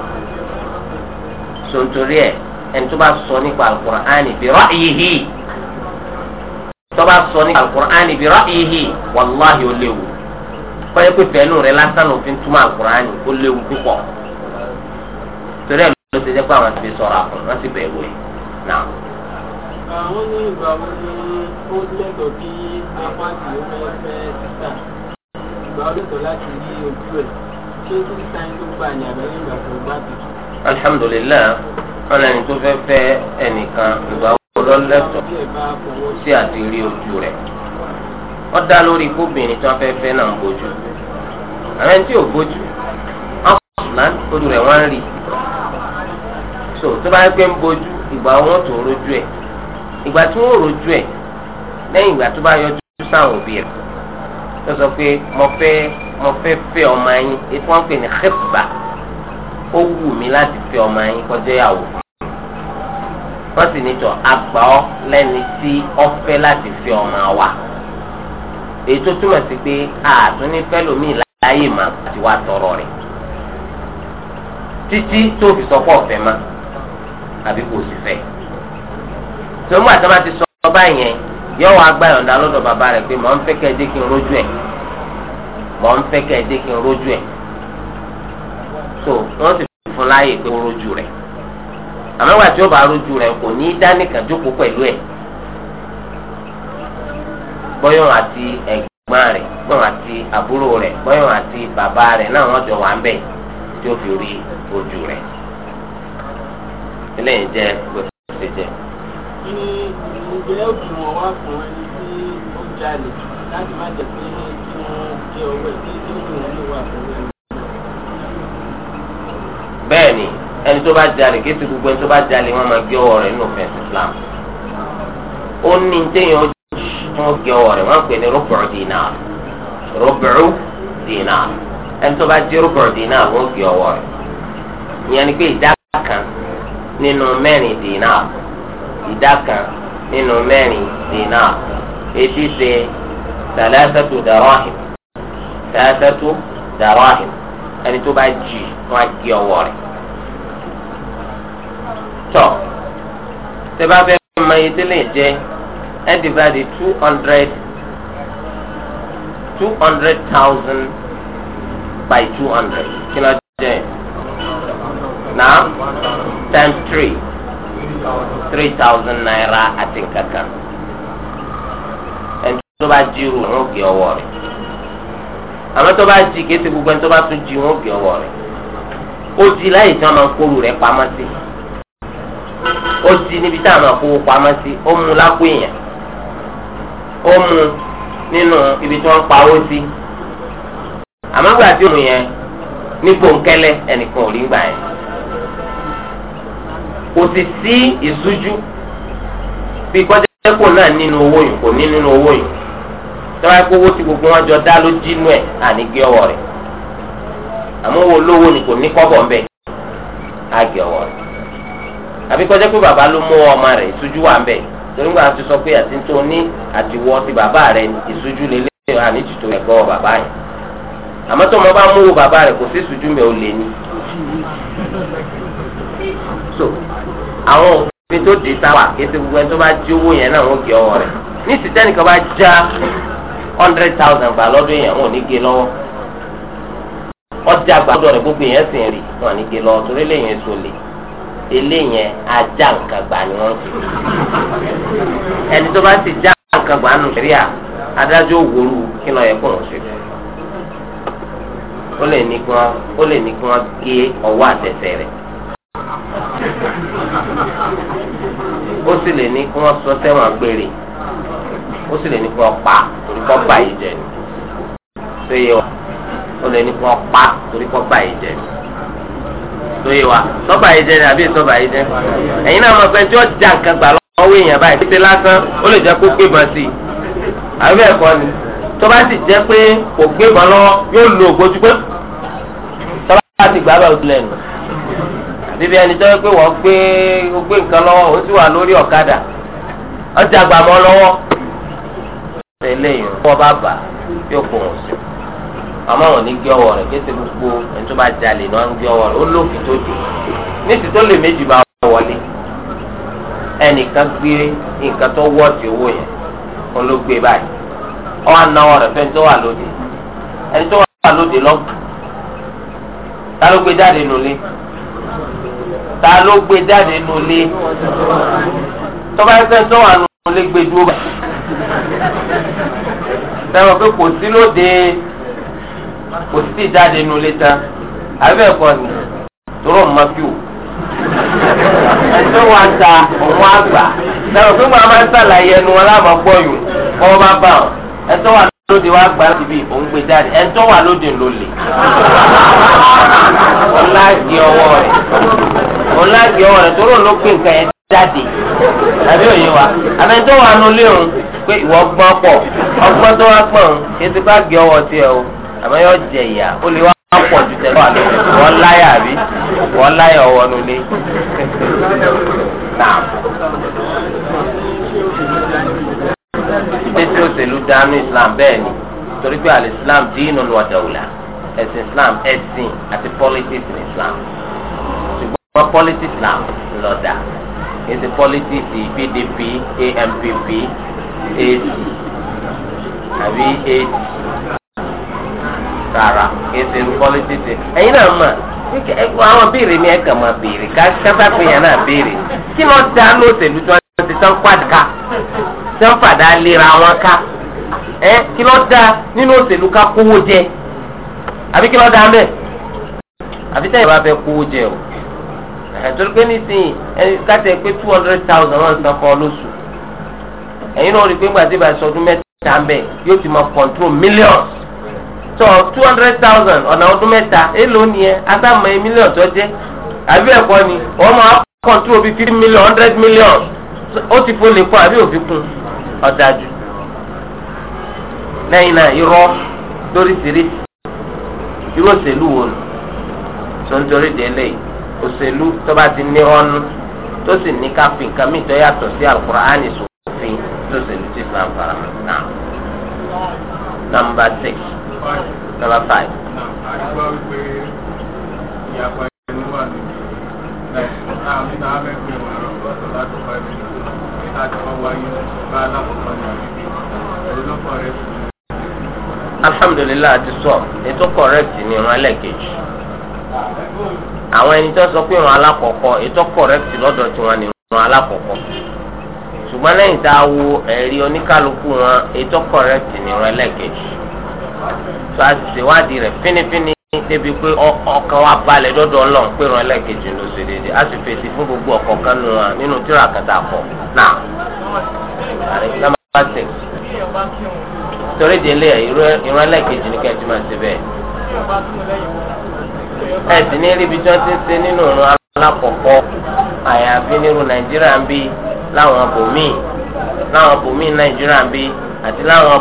so nítorí ẹ ẹni tó bá sọ nípa alukurani bí ra'yihi tó bá sọ nípa alukurani bí ra'yihi wàláhi ó léwu kọ́yẹ́ pé fẹ́ẹ́nù rẹ lásán òfin túmọ̀ àkùránì ó léwu púpọ̀ torí ẹ̀ ló ti jẹ́ pé àwọn ti fi sọ̀rọ̀ àkùn wọ́n ti bẹ̀rù ẹ̀ náà. àwọn ní ìgbà wo ni ó lẹ́tọ̀ọ́ bí apáàtì ó fẹ́ fẹ́ títà ìgbà ó lẹ́tọ̀ọ́ láti rí ojú ẹ̀ ṣé títà ń tó gbà ní àbẹ̀rẹ̀ ìgbà tó gbà tó. alhamdulilayi wọn lẹni tó fẹ́ fẹ́ ẹnìkan ìgbà wo lọ lẹ́tọ̀ọ́ sí àti rí ojú rẹ̀ ó dá lórí kóbìnrin tí wọ́n fẹ́ fẹ́ náà ń bójú àwọn ẹni tí ò bójú aslan ojú rẹ̀ wọ́n ń rí so tó bá yẹ pé ń bójú ìgbà wọn tó rojú ẹ̀ ìgbà tí wọ́n rojú ẹ̀ lẹ́yìn ìgbà tó bá yọjú sáwọn òbí rẹ̀ tó sọ pé mo fẹ́ mo fẹ́ fẹ́ ọmọ yín ètò wọn pè ní xepa ó wù mí láti fẹ́ ọmọ yín kọjá yàwó wọ́n sì ní tọ́ àgbà ọ lẹ́ni tí ọ èyí tó túmọ̀ sí pé àtún ní fẹ́lòmíì láàyè mà àti wá tọrọ rẹ̀ títí tó fi sọpọ̀ ọ̀fẹ́ ma àbí kò sì fẹ́ tó mú àtàwọn àti sọ ọba yẹn yọ wá gbà yọ̀ǹda lọ́dọ̀ bàbá rẹ̀ pé mọ̀ ń fẹ́ kẹ́ ẹ dé kí n rójú ẹ̀ mọ̀ ń fẹ́ kẹ́ ẹ dé kí n rójú ẹ̀ so wọ́n sì fún láàyè pé ó rójú rẹ̀ àmọ́ wà tí ó bá rójú rẹ̀ kò ní í dá nìkan jókòó pẹ̀lú ẹ̀ bọ́yọ̀ àti ẹ̀gbọ́n rẹ̀ bọ́yọ̀ àti àbúrò rẹ̀ bọ́yọ̀ àti bàbá rẹ̀ náà wọ́n jọ wà ń bẹ̀ tí ó fi rí ojú rẹ̀. ilé yìí jẹ́ gbèsè ṣe jẹ. kí ni ìmùjẹ́ òṣùwọ̀n wá fún ẹni tí ó jalè láti má jẹ pé kí ẹni. tó bá jalè kí ti gbogbo ẹni tó bá jalè wọn máa gé ọwọ́ rẹ̀ nínú fẹsẹ̀ Islam ó ní téèyàn wọ́n gé ọwọ́ rẹ̀ wọ́n pè ní rọ́bùrù dínà rọ́bùrù dínà ẹni tó bá jẹ́ rọ́bùrù dínà wọ́n gé ọwọ́ rẹ̀ ìyẹn ni pé ìdá kan nínú mẹ́rin dínà ìdá kan nínú mẹ́rin dínà etí ṣe tàlásàtú dàráhìm tàlásàtú dàráhìm ẹni tó bá jì wọ́n gé ọwọ́ rẹ̀ tọ́ tẹ́ bá fẹ́ mọ iye jẹ́ ẹ divided two hundred two hundred thousand by two hundred kí ló jẹ náà times three three thousand naira I nkankan ẹni tó bá jírù wọn gé ọwọ́ rẹ̀ àmọ́ tó bá jí kéésì gbogbo ẹni tó bá tún jí wọn gé ọwọ́ rẹ̀ ó jí láyé tí wọn máa kóru rẹ̀ pamọ́ sí ó jí níbi tá a máa kó pamọ́ sí ó mú lápò èèyàn ó mu nínú ibi tí wọ́n pawó sí àmọ́ gbà tí ó mu yẹn ní bòńkẹ́lẹ́ ẹnìkan ò rí gbà yẹn kò sì sí ìṣújú bí kọjá kò náà nínú owó yìí kò ní nínú owó yìí tọ́wá kó owó tí gbogbo wọn jọ dá ló jí nú ẹ̀ àní gé ọwọ́ rẹ̀ àmọ́ owó olówó ni kò ní kọ́bọ̀ ńbẹ̀ á ọwọ́ rẹ̀ àbí kọjá pé bàbá ló mú ọmọ rẹ̀ ìṣújú wà ńbẹ̀ yìí torí wàá ti sọ pé àti tó ní àti wọ́ bàbá rẹ ìṣújú lélẹ́ wà ní tìtò ẹ̀kọ́ bàbá yẹn àmọ́ tó ọmọ bá mú wo bàbá rẹ kò sí ìṣújú mẹ́ o lè ní. so àwọn òfin tó dé sáwà kété gbogbo ẹni tó bá jí owó yẹn náà wọ́n gé ọwọ́ rẹ̀ ní sìtẹ́nìkan bá já hundred thousand gbà lọ́dún yẹn wọ́n ò ní gé lọ́wọ́ ọjà gbà gbogbo yẹn sì ń rí wọ́n ò ní gé lọ́wọ́ torí lẹ́yìn èso lè. eléyẹn ajá nǹkan gbà ni wọ́n fi ẹni tó bá ti já nǹkan gbà nù sẹ́ríà adájọ́ òwòrú kí lọ́ọ́ yẹ kó wọ́n ṣe ó lè ní kí wọ́n ó lè ní kí wọ́n gé ọwọ́ àtẹsẹ̀ rẹ ó sì lè ní kí wọ́n sọ sẹ́wọ̀n gbére ó sì lè ní kí pa torí kọ́ jẹ ó lè ní kí pa torí kọ́ jẹ lóye wa sọ́bà yìí jẹ́ ni àbí sọ́bà yìí jẹ́ ẹ̀yin náà mọ̀ pé tí ó nǹkan gbà èèyàn báyìí lásán ó lè jẹ́ kó gbébọn sí i àbí ni tó bá sì pé kò gbébọn lọ́wọ́ yóò lo ògbójú pé ti gbà bá nù bíbí ẹni tó yẹ pé wọ́n gbé gbé nǹkan lọ́wọ́ ó sì wà lórí ọ̀kadà ọjà gbàmọ́ lọ́wọ́ wọ́n bá àmọ́ wọn ní gbé ọwọ́ rẹ̀ kéṣe gbogbo ẹni tó bá jalè náà ń gbé ọwọ́ rẹ̀ ó lófin tó dé níṣì tó lè méjì bá wọlé ẹnìkan gbé nǹkan tó wọ́ ti owó yẹn wọn ló gbé báyìí ọ wá náwó rẹ̀ fẹ́ni tó wà lóde ẹni tó wà lóde lọ́gbà ta ló gbé jáde nulẹ̀ ta ló gbé jáde nulẹ̀ tó bá fẹ́ tó wà nulẹ̀ gbé dúró báyìí sẹ́wọ̀n pé kò sí lóde kò sí ìjáde nu ilé tán àbẹ̀ ẹ̀kọ́ ni tọrọ mọ kí o ẹjọ́ wa ta òun àgbà lẹ́yìn tó máa máa ń sàlàyé ẹnu wọn láàmú gbọ́yùn kọ́ bá bá wọn ẹjọ́ wa lóde wa gbà láti bí òun gbé jáde ẹjọ́ wa lóde lólè ọláàgì ọwọ́ rẹ̀ ọláàgì ọwọ́ rẹ̀ tọrọ ló gbé nǹkan yẹn jáde àbí òye wa àbẹ̀jọ́ wa nulẹ̀ òun pé ìwọ gbọ́n pọ̀ ọgbọ́n tó wá pọ̀ òun kí ẹ ti bá gé ọwọ́ tiẹ̀ o àmọ́ yóò jẹ ìyà ó lè wá pọ̀ ju tẹ̀lé wà lórí wọ́n láyà àbí wọ́n láyà ọwọ́ nulẹ̀. ìgbésí òṣèlú dánú Islam bẹ́ẹ̀ ni torí pé àlè Islam dínú lọ́dọ̀ọ̀là ẹ̀sìn Islam ẹ̀sìn àti politics ní Islam ṣùgbọ́n politics Islam lọ́dà kì í ṣe politics PDP AMPP AC àbí AC rárá kìí ṣe irú pọ́lítíìsì ẹ̀yin náà mọ̀ àwọn béèrè ni ẹ kàn máa béèrè kásápéyàn náà béèrè kí ló dá lóṣèlú tí wọ́n ti tán pàdà tán pàdà lera wọn ká ẹ kí ló dá nínú òṣèlú ká kówó jẹ àbí kí ló dá mẹ́ àbí sẹ́yìn bá fẹ́ kówó jẹ o ẹ̀tọ́rí pé nísìnyí ẹni kátẹ́ pé two hundred thousand wọn san fún ọ lóṣù ẹ̀yin náà rí i pé gbàdébà sọdún mẹ́ta ń bẹ̀ yóò ti máa control millions tọ two hundred thousand ọ̀nà ọdún mẹ́ta èlò ni ẹ asámọ̀ ẹ mílíọ̀n tó jẹ́ àbí ẹ̀kọ́ ni wọ́n máa kàn tó fifty million hundred million ó ti fún lè kún àbí òfin kún ọ̀dájú lẹ́yìn náà irọ́ lóríṣiríṣi irú òṣèlú wo ni tó ń torí dé lẹ́yìn òṣèlú tó bá ti ní ọ́nú tó sì ní ká fi nǹkan mìíràn tó yàtọ̀ sí Al-Qur'ani sòfin tó tí Islam Number six number five. àdúgbò wípé ìyàpá ẹni wà níbi àmì náà mẹ́gbẹ́ wọn lọ́wọ́ tó láti wá ẹni nígbà tí wọ́n wáyé bá alákọ̀ọ́kọ́ ní àbíbí olóko rẹ̀ sí. alhamdulilayi a ti sọ ètò correct ni ìran ẹlẹ́kejì àwọn ẹni tó sọ pé ìran alákọ̀ọ́kọ́ ètò correct lọ́dọ̀ tiwọn ni ìran alákọ̀ọ́kọ́ ṣùgbọ́n lẹ́yìn tá wo ẹ̀rí oníkálukú wọn ètò correct ni ìran ẹlẹ́kejì. tó a sì wádìí rẹ fínífíní débi pé ọkàn wa balẹ̀ dọ́dọ̀ ọlọ́run pé ràn ẹlẹ́kejì ló ṣe déédéé a sì fèsì fún gbogbo ọkọ̀ kan nù wọn nínú tíra kàtà kọ̀ náà. torí délé ìran ẹlẹ́kejì ni kẹ́hìn máa ṣe bẹ́ẹ̀. ẹ sì ní ríbi tí wọ́n ti ṣe nínú alákọ̀ọ́kọ́ àyàfi nírú nàìjíríà ń bí láwọn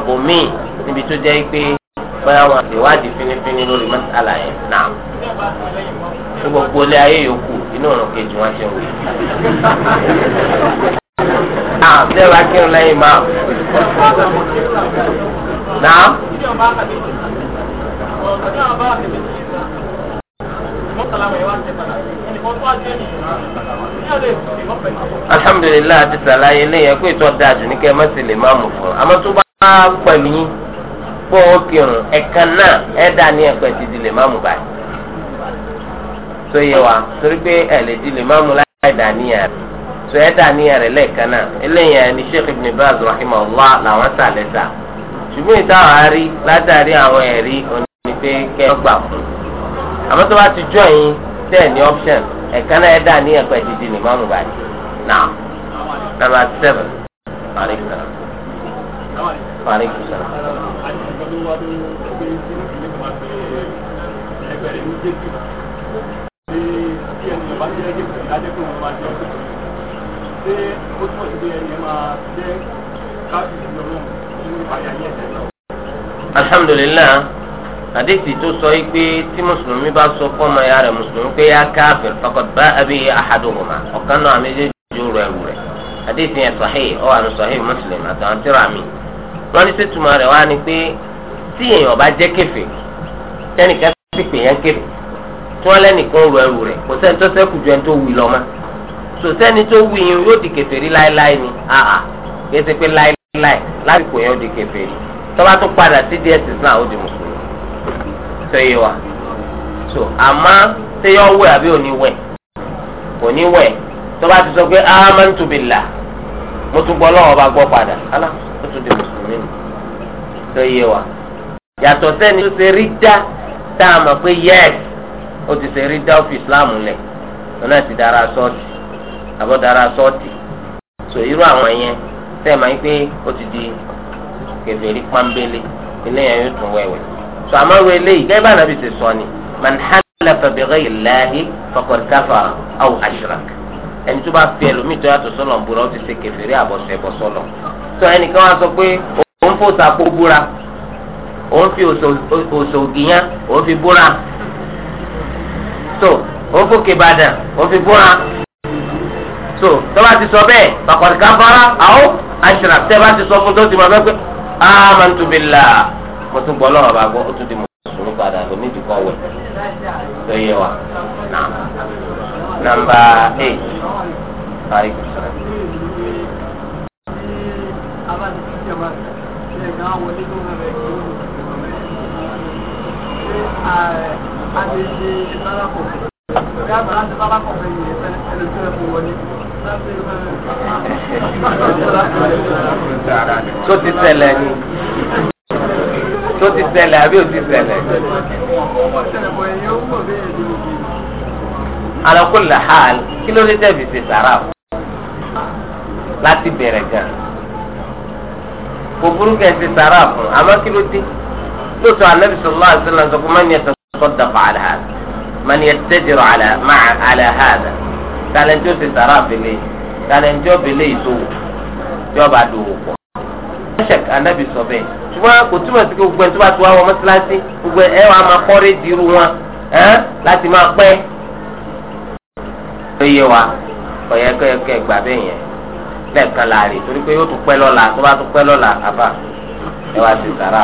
bòmíì bóyá wọn ìwádìí fínífíní lórí mọ́sálà yẹn náà ní gbogbo ilé ayé yòókù inú ọ̀ràn kejì wọn ti ń wò. náà sẹ́wà kírun lẹ́yìn máa. náà. alhamdulilayi àti sàlàyé lẹ́yìn ẹ̀kọ́ ìtọ́ da jù ní kẹ́ ẹ má sì lè má mú fún un àmọ́ tó bá pẹ̀lú yín bó o kírun ẹ̀ka náà ẹ̀ dà ní ẹ̀pẹ̀ ti di lè má mú báyìí. tó yẹ wa torí pé ẹ̀ lè di lè má mú láì dà níyà rẹ̀ tó ẹ̀ dà níyà rẹ̀ lẹ́ẹ̀kan náà eléyìí ẹni Sheikh Ibn Baz rahimahullah làwọn sà lẹ́sà ṣùgbọ́n ìtawà rí látàrí àwọn ẹ̀rí òní pé kẹ́ ẹ gbà fún àmọ́ tó bá ti jọ yín tẹ̀ ní option ẹ̀ka náà ẹ̀ dà ní ẹ̀pẹ̀ ti di lè má mú báyìí. now number seven. Wa alaikum salam. Wa alhamdulilayi hadithi tó sọ yìí pé tí mùsùlùmí bá sọ fọmọ ya rẹ̀ mùsùlùmí pé ya káfíìn faqad ba'a bihi ahaduhuma ọ̀kan náà méjèèjì ju rẹ̀ rù rẹ̀ hadithi yẹn sahih ọ àná sahih Muslim àtàwọn tíra mi wọn ní sètùmọ̀ rẹ̀ wá ni pé tí èèyàn bá jẹ́ kẹfẹ́ tẹnìkan sì pè yẹn kẹfẹ́ tí wọ́n lẹ́nìkan rọ ẹrù rẹ̀ kò sẹ́ni tó sẹ́kù ju ẹni tó wí lọ mọ́ so sẹ́ni tó wí yẹn yóò di kẹfẹ́ rí láéláé ni àhà kìí ṣe pé láéláé lásìkò yẹn ó di kẹfẹ́ rí tọ́ba tó padà sí díẹ̀ sí islam ó di mùsùlùmí tó yé wa so àmọ́ ṣé yọ wẹ̀ àbí òní wẹ̀ òní wẹ̀ tọ́ba ti sọ pé amantu billah mo tún gbọ́ lọ́wọ́ bá gbọ́ padà alá ó tún di mùsùlùmí tó yé wa yàtọ̀ sẹ́ni tó ṣe rí dá tá a mọ̀ pé yẹ́s ó ti ṣe rí dá ó fi islam lẹ̀ wọn náà ti dára sọ́ọ̀tì àbọ̀ dára sọ́ọ̀tì so irú àwọn yẹn sẹ́ẹ̀ máa ń pé ó ti di kèfèrí pọ́nbélé eléyàn yóò tún wẹ̀wẹ̀ so àmọ́ wo eléyìí gẹ́gẹ́ bá nàbì ṣe sọ ni man halafa bi ghayri llahi faqad kafara aw ashraka ẹni tó bá fi ẹlòmíì tó yàtọ̀ sọ́lọ̀ ń búra ó ti ṣe kèfèrí àbọ̀sẹ̀ bọ̀ sọ́lọ̀ so ẹnìkan wá sọ pé òun fò sàpò o fi òṣògì yẹn o fi búra so òun fòkè ìbàdàn o fi búra so tọ́ba ti sọ bẹ́ẹ̀ pàkọ́dìkà fara àwọn aṣọra tẹ́ba ti sọ fún tó ti mọ̀ bẹ́ẹ̀ pé amantu billah mo tún gbọ́ lọ́wọ́ bá gbọ́ ó tún di mùsùlùmí padà lọ ní ìdíkọ̀ wẹ̀ tó yẹ wa nàmbà eight parí kò tó ti ṣẹlẹ̀ ni tó ti ṣẹlẹ̀ àbí ò ti ṣẹlẹ̀. alakó làhálì kí ló dé tẹ̀bi ṣe sàrà o láti bẹ̀rẹ̀ gan kò burúkú ẹ̀ ṣe sàrà fún àmọ́ kí ló dé lóòótọ́ anabi sallallahu alayhi wa sallam sọ pé من يتصدق على هذا، من yattajiru على مع على هذا؟ قال o ti sara لي، قال o bele ìṣòwò tí ọba dòwò pọ̀. ṣèk anabi sọ bẹ́ẹ̀ ṣùgbọ́n kò túmọ̀ sí gbogbo ẹ̀ tó bá ti wá wọ mọ́sálásí gbogbo ẹ̀ wàá máa kọ́rí dirú wọn láti máa pẹ́. ó yé wa ọ̀yẹ́ kẹ́kẹ́ gbà bẹ́ẹ̀ yẹn lẹ́ẹ̀kan láàrin torí pé yóò tún pẹ́ lọ́la tó bá tún pẹ́ lọ́la àbá ẹ̀ wá ti sara.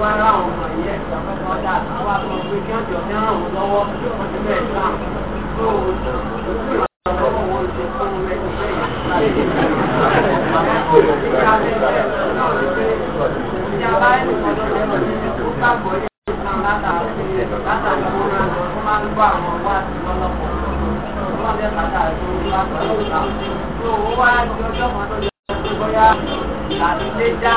wá rá ọmọ yẹn ìṣàkóso ọ̀dà àwọn àgbọn pé kí wọ́n jọ fẹ́ràn òun lọ́wọ́ wọ́n ti tó o jọ lọ́wọ́ wọn ṣe fún un lẹ́yìn lẹ́yìn ìjàmbá ẹni ọ̀dọ́ lẹ́yìn ó gbàgbọ́ yẹn ìtàn látàrí látàrí wọn náà wọ́n máa ń gbọ́ àwọn wá sí lọ́lọ́pọ̀ wọ́n lẹ́ látàrí tó ń bá pẹ̀lú ìtàn tó o wá ní ọjọ́ kan tó lè ṣe bóyá àti lé já.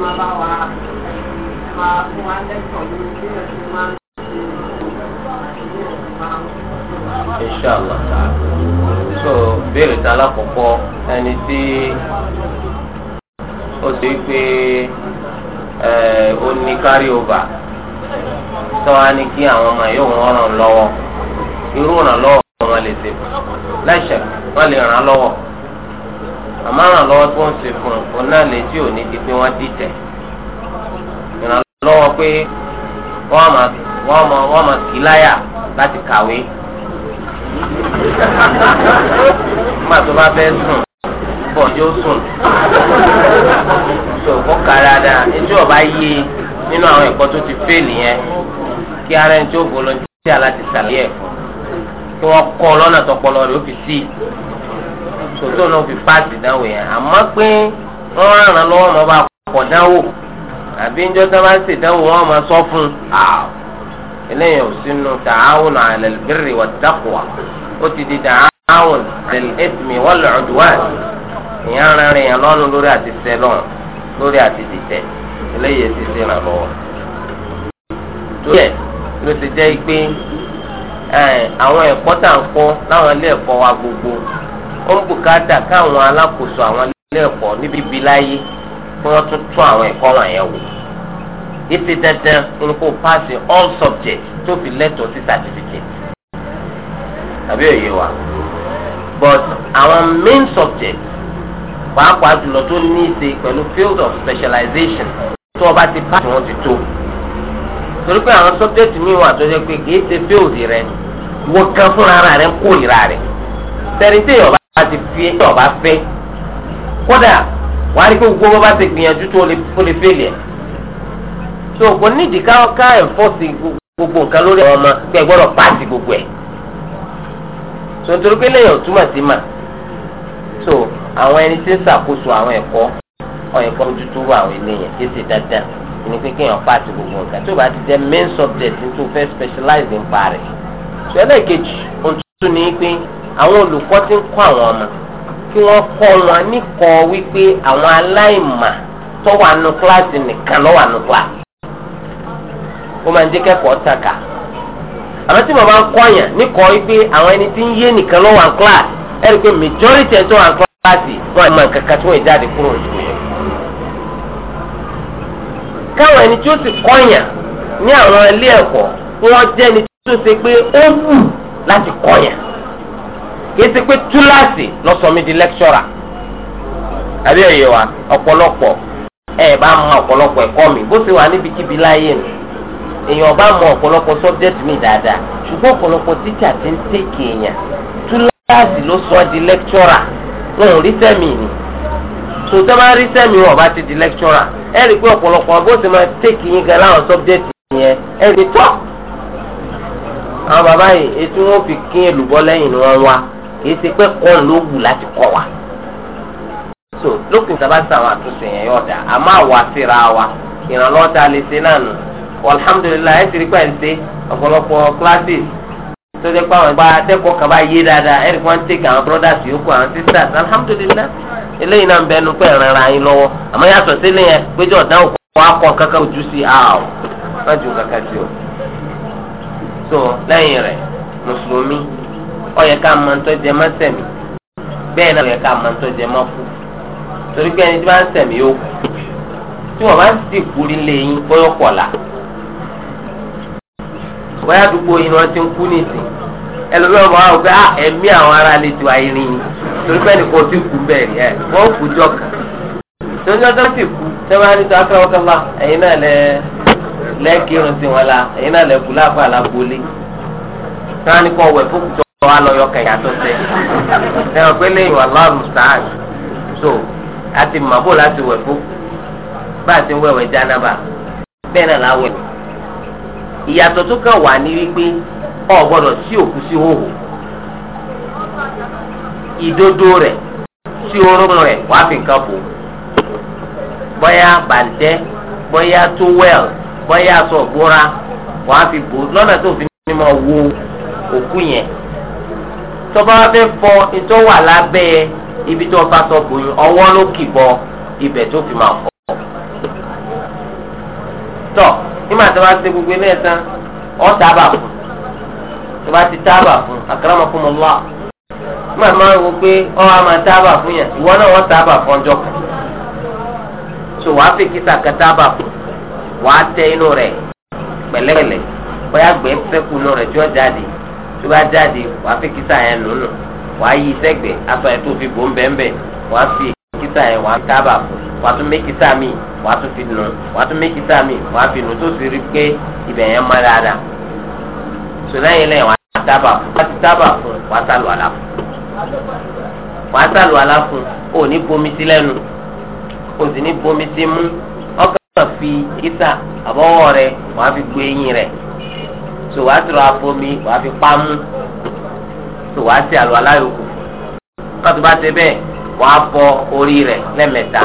máa bá wa so ta lákòókò ẹni tí ó pé ó ní ova tó wá ní kí àwọn ọmọ yóò wọ́n ràn lọ́wọ́ irú ràn lọ́wọ́ wọn lè ṣe láìṣẹ̀ àmọ́ràn lọ́wọ́ tó ń ṣe fún un náà lè tí ò ní di pé wọ́n dìtẹ̀ pé wọ́n máa láyà láti kàwé nígbà tó bá fẹ́ sùn bọ̀ yóò sùn ọba nínú àwọn ẹ̀kọ́ tó ti kí ara ẹni tó volunteer ẹ̀kọ́ kí wọ́n kọ́ lọ́nà tọpọlọ rẹ̀ ó fi sòtò náà fi páàsì dánwò yẹn àmọ́ pé wọ́n ràn lọ́wọ́ ọmọ bá pọ̀ dánwò àbí ń jọ́ tá bá ṣe dánwò wọ́n máa sọ fún un eléyìí ò sínú tààwọn àlẹ́lẹ́bírì wà dákùwà ó ti di tààwọn ẹ̀dùnmí wọ́n lọ́ọ̀dùwà ìyá ara rẹ̀ yẹn lọ́nu lórí àti sẹ́lọ̀n lórí àti dìtẹ̀ eléyìí ti ṣe ràn lọ́wọ́ tó yẹ ló ti jẹ́ pé àwọn ẹ̀kọ́ tá à ń kọ́ láwọn ilé ẹ̀kọ́ wa gbogbo ó ń bùkátà káwọn alákòóso àwọn ilé níbi bí kí wọ́n tún tún àwọn ẹ̀kọ́ wọ̀nyẹn wò ètè dandan ní kó paasi all subjects tó fi lẹ́tọ̀ọ́ sí certificate tàbí òye wa but àwọn main subjects pàápàá jùlọ tó ní í ṣe pẹ̀lú field of specialization tó o bá ti paasi wọn ti tó torí pé àwọn subject mi wà tó jẹ́ pé kì í ṣe field rẹ ni wọ́n kan fúnra rẹ̀ ń kó ìra rẹ̀ tẹ̀rí tẹ̀yọ̀ bá a ti fi tó o bá fẹ́ kódà wàá rí pé gbogbo bá ti gbìyànjú tó o lè fẹ́ lẹ̀ so kò nídìí ká ká ẹ̀fọ́sì gbogbo nǹkan lórí àwọn ọmọ pé gbọ́dọ̀ pàṣẹ gbogbo ẹ̀ so nítorí pé lẹ́yìn òtúmọ̀ sí mà so àwọn ẹni tí ń ṣàkóso àwọn ẹ̀kọ́ ọ̀yẹ̀kọ́ ojútùú wà àwọn ènìyàn kí ṣe dáadáa ní pé kéèyàn pàṣẹ gbogbo nǹkan tó bá ti jẹ́ main subject tó fẹ́ specialize nípa rẹ̀ so ẹlẹ́ẹ̀kejì ohun tuntun pé àwọn olùkọ́ ti ń kọ́ àwọn ọmọ kí wọ́n kọ́ wọn wípé àwọn aláìmà tó wà nù kíláàsì nìkan ló wà nù kíláàsì ó máa ń jẹ́ kẹ́kọ̀ọ́ tàkà àmọ́ tí mo bá ń kọ́ yàn wípé àwọn ẹni tí ń yé nìkan ló wà nù kíláàsì pé majority ẹ̀ tó wà nù kíláàsì wọ́n tí wọ́n kìí ṣe pé túláàsì lọ di lẹ́kṣọ́rà àbí ẹ̀yẹ wa ọ̀pọ̀lọpọ̀ ẹ̀ bá mọ ọ̀pọ̀lọpọ̀ ẹ̀kọ́ mi bó ṣe wà níbikíbi láyé nù èèyàn bá mọ ọ̀pọ̀lọpọ̀ subject mi dáadáa ṣùgbọ́n ọ̀pọ̀lọpọ̀ tíṣà ti ń tèkè èèyàn túláàsì ló sọ di lẹ́kṣọ́rà wọn ò rí sẹ́mi ni sòtẹ́ bá rí sẹ́mi wọn bá ti di lẹ́kṣọ́rà ẹ rí i pé ọ̀pọ̀lọpọ̀ bó ṣe máa tèkè yín gan láwọn subject yẹn ẹ rí tọ́ àwọn bàbá yìí etí wọn fi kín èlùbọ́ lẹ́yìn ni wọ́n wá kìí ṣe pé kọ́ ló wù láti so lókè sábà sàwọn àtúnṣe yẹn yóò a máa wà síra wa ìrànlọ́wọ́ tá a lè ṣe náà nù alhamdulilayi ẹ̀ ti rí pẹ́ ń ṣe ọ̀pọ̀lọpọ̀ classes tó jẹ́ pé àwọn ìgbà kan bá yé dáadáa kan take àwọn brothers yòókù àwọn sisters alhamdulilayi eléyìí náà ń bẹnu pé ẹ̀ràn lọ́wọ́ àmọ́ akọ ọyẹ ká mọ ntọ́ jẹ má sẹ̀mí bẹ́ẹ̀ náà ọyẹ ká mọ ntọ́ jẹ má kú torí pé ẹni tí wọ́n sẹ̀mí yóò kú tí wọ́n bá ń sì kú lílé yín bọ́yọ̀ kọ̀la bóyá àdúgbò yín wọ́n ti ń kú nìsín ẹlòmíràn bá wà pé ah, ẹ̀mí àwọn ará lè ju àìrìn yín torí pé ẹnìkan ti kú bẹ́ẹ̀ rí ẹ̀ wọ́n kú jọ kàn tó ń jọ́jọ́ sì kú sẹ́wọ́n á ní sọ akọ́wọ́kọ́lá ẹ̀yin náà lẹ lẹ́ẹ̀kírun sí wọn la ẹ̀yin náà lẹ kú láàbọ̀ àlàbọ̀lé sani kọ wẹ̀ fún kùtọ́ wá lọ yọ kẹyà tó ṣe ẹ ọ pé lẹ́yìn wà lọrùn sàn so àti màbò láti wẹ̀ fún bá a ti ń wẹ̀wẹ̀ jánába bẹ́ẹ̀ náà láwẹ̀ ìyàtọ̀ tó kàn wà ní wípé ọ gbọ́dọ̀ sí òkú sí hòhò ìdodo rẹ̀ sí orúkún rẹ̀ wàá fi nǹkan bò bóyá bàǹtẹ́ bóyá tówẹ́l bóyá aṣọ ìbora wàá fi bò lọ́nà tó fi mímọ́ wo òkú yẹn tọba fẹ́ fọ ètò wà lábẹ́ ibi tó fa sọ bòyìn ọwọ́ ló kì bọ ibẹ̀ tó fi máa fọ. tọ nígbà tí wọ́n ti ṣe gbogbo eléyìí tán ọ́ tábà fún tó bá ti tábà fún akramakumullah nígbà tí wọ́n wọ pé ọ́ a máa tábà fún yẹn ìwọ náà wọ́n tábà fún ọjọ́ kan so wàá fi kíta kan tábà fún wàá tẹ inú rẹ̀ pẹ̀lẹ́pẹ̀lẹ́ bóyá gbẹ́ fẹ́ kú inú jáde. tó bá jáde wàá fi kíta yẹn nùnù wàá yí sẹ́gbẹ̀ aṣọ yẹn tó fi bò ń bẹ́ẹ̀ wàá fi kíta yẹn wàá fún wàá tún mé kíta mi wàá tún fi nù wàá tún mé kíta mi wàá fi nù tó sì rí pé ibẹ̀ yẹn dáadáa lẹ́yìn wàá fún wàá ti tábà fún wàá àlá fún wàá àlá so wàá tọrọ àfomi wàá fi pamú so wàá ṣe àlọ́ aláyòkù ká tó bá ṣe bẹ́ẹ̀ wàá bọ orí rẹ̀ lẹ́mẹ̀ta